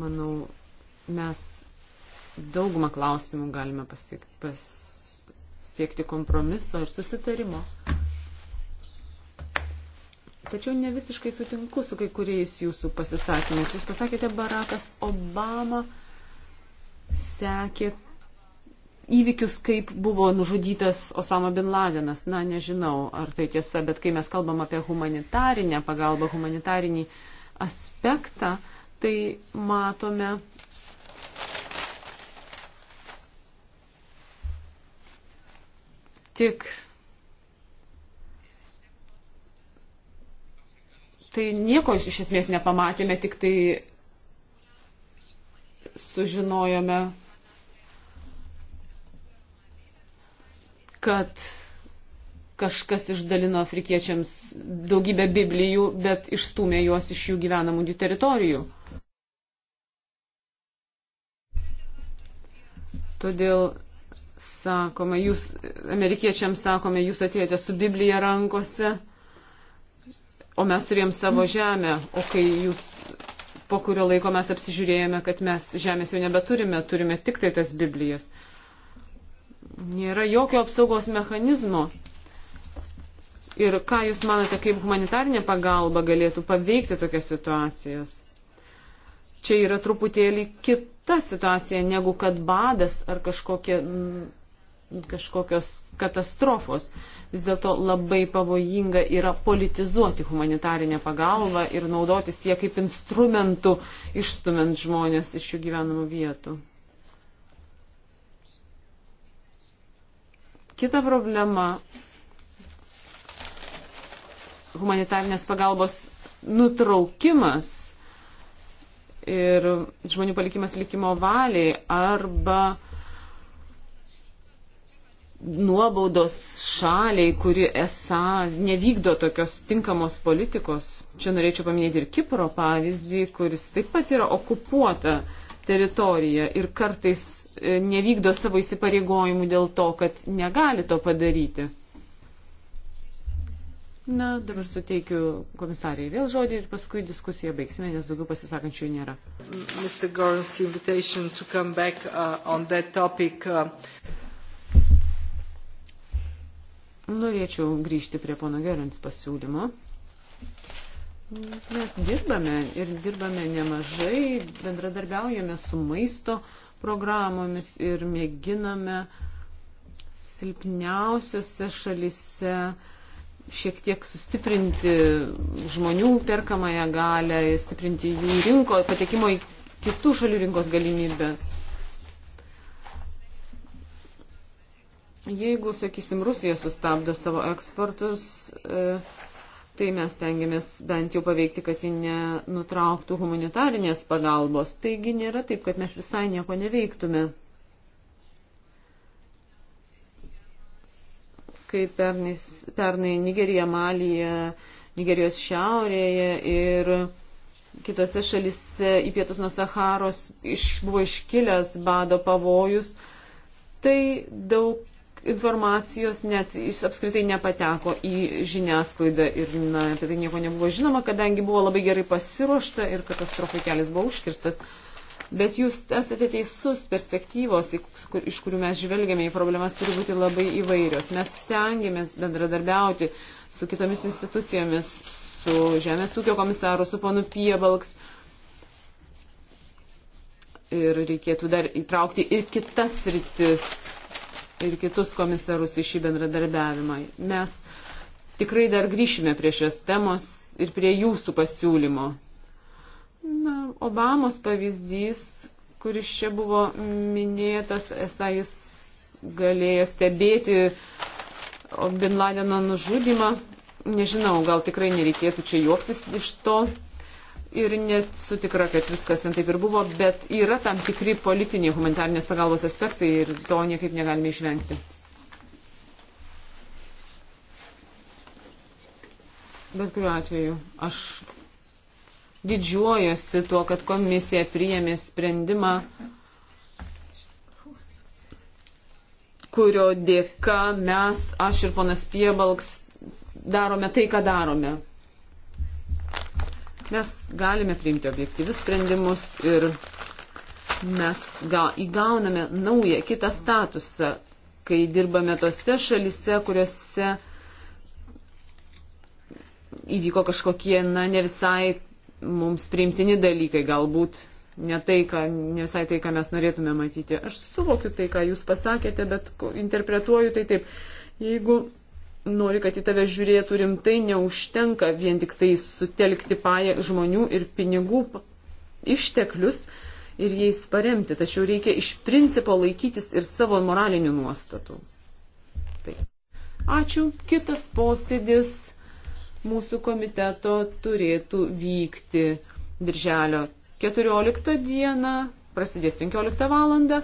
Manau, mes daugumą klausimų galime pasiekti, pasiekti kompromiso ir susitarimo. Tačiau ne visiškai sutinku su kai kuriais jūsų pasisakymais. Jūs pasakėte, Barakas Obama sekė įvykius, kaip buvo nužudytas Osama bin Ladenas. Na, nežinau, ar tai tiesa, bet kai mes kalbam apie humanitarinę pagalbą, humanitarinį aspektą, tai matome. Tik tai nieko iš esmės nepamatėme, tik tai sužinojome kad kažkas išdalino afrikiečiams daugybę biblijų, bet išstumė juos iš jų gyvenamų teritorijų. Todėl sakoma, jūs, amerikiečiams sakome, jūs atėjote su Biblija rankose, o mes turėjom savo žemę, o kai jūs po kurio laiko mes apsižiūrėjome, kad mes žemės jau nebeturime, turime tik tai tas Biblijas nėra jokio apsaugos mechanizmo. Ir ką Jūs manote, kaip humanitarinė pagalba galėtų paveikti tokias situacijas? Čia yra truputėlį kita situacija negu kad badas ar kažkokie, m, mm, kažkokios katastrofos. Vis dėlto labai pavojinga yra politizuoti humanitarinę pagalbą ir naudotis ją kaip instrumentų išstumint žmonės iš jų gyvenamų vietų. Kita problema - humanitarnės pagalbos nutraukimas ir žmonių palikimas likimo valiai arba nuobaudos šaliai, kuri esą nevykdo tokios tinkamos politikos. Čia norėčiau paminėti ir Kipro pavyzdį, kuris taip pat yra okupuota teritorija ir kartais E, nevykdo savo įsipareigojimų dėl to, kad negali to padaryti. Na, dabar suteikiu komisariai vėl žodį ir paskui diskusiją baigsime, nes daugiau pasisakančių nėra. Back, uh, topic, uh... Norėčiau grįžti prie pono Gerins pasiūlymo. Mes dirbame ir dirbame nemažai, bendradarbiaujame su maisto programomis ir mėginame silpniausiose šalise šiek tiek sustiprinti žmonių perkamąją galę, stiprinti jų rinko, patekimo į kitų šalių rinkos galimybės. Jeigu, sakysim, Rusija sustabdo savo eksportus, e, tai mes tengiamės bent jau paveikti, kad ji nenutrauktų humanitarinės pagalbos. Taigi nėra taip, kad mes visai nieko neveiktume. Kaip pernai, pernai Nigerija, Malija, Nigerijos šiaurėje ir kitose šalise į pietus nuo Saharos iš, buvo iškilęs bado pavojus, tai daug informacijos net apskritai nepateko į žiniasklaidą ir na, apie tai nieko nebuvo žinoma, kadangi buvo labai gerai pasiruošta ir katastrofai kelias buvo užkirstas. Bet jūs esate teisus, perspektyvos, iš kurių mes žvelgiame į problemas, turi būti labai įvairios. Mes stengiamės bendradarbiauti su kitomis institucijomis, su Žemės ūkio komisaru, su ponu Piebalks. Ir reikėtų dar įtraukti ir kitas rytis, ir kitus komisarus į šį bendradarbiavimą. Mes tikrai dar grįšime prie šios temos ir prie jūsų pasiūlymo. Na, Obamos pavyzdys, kuris čia buvo minėtas, esą jis galėjo stebėti Bin Ladeno nužudimą. Nežinau, gal tikrai nereikėtų čia juoktis iš to, ir nesu tikra, kad viskas ten taip ir buvo, bet yra tam tikri politiniai humanitarnės pagalbos aspektai ir to niekaip negalime išvengti. Bet kuriuo atveju aš didžiuojuosi tuo, kad komisija priėmė sprendimą, kurio dėka mes, aš ir ponas Piebalks, darome tai, ką darome. Mes galime priimti objektyvius sprendimus ir mes įgauname naują, kitą statusą, kai dirbame tose šalise, kuriuose įvyko kažkokie, na, ne visai mums priimtini dalykai, galbūt ne, tai, ką, ne visai tai, ką mes norėtume matyti. Aš suvokiu tai, ką jūs pasakėte, bet interpretuoju tai taip. Jeigu nori, kad į tave žiūrėtų rimtai, neužtenka vien tik tai sutelkti paje žmonių ir pinigų išteklius ir jais paremti, tačiau reikia iš principo laikytis ir savo moralinių nuostatų. Tai. Ačiū. Kitas posėdis mūsų komiteto turėtų vykti birželio 14 dieną, prasidės 15 valandą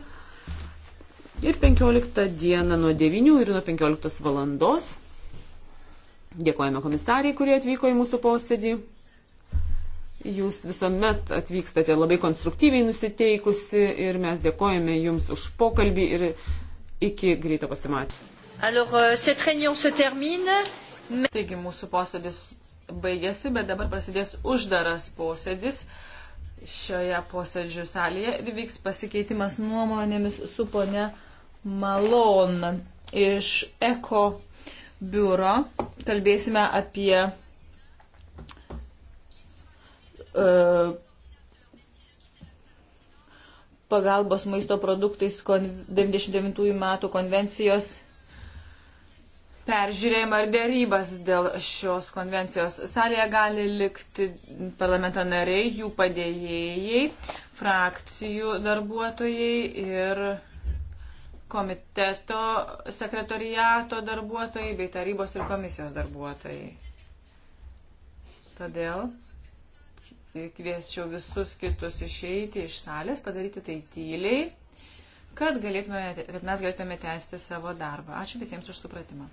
ir 15 dieną nuo 9 ir nuo 15 valandos. Dėkojame komisariai, kurie atvyko į mūsų posėdį. Jūs visuomet atvykstate labai konstruktyviai nusiteikusi ir mes dėkojame Jums už pokalbį ir iki greito pasimatymo. Euh, Taigi mūsų posėdis baigėsi, bet dabar prasidės uždaras posėdis šioje posėdžių salėje ir vyks pasikeitimas nuomonėmis su ponia Malon iš Eko biuro kalbėsime apie uh, pagalbos maisto produktais 99 metų konvencijos peržiūrėjimą ir dėrybas dėl šios konvencijos. Salėje gali likti parlamento nariai, jų padėjėjai, frakcijų darbuotojai ir komiteto sekretoriato darbuotojai bei tarybos ir komisijos darbuotojai. Todėl kviesčiau visus kitus išeiti iš salės, padaryti tai tyliai, kad, galėtume, kad mes galėtume tęsti savo darbą. Ačiū visiems už supratimą.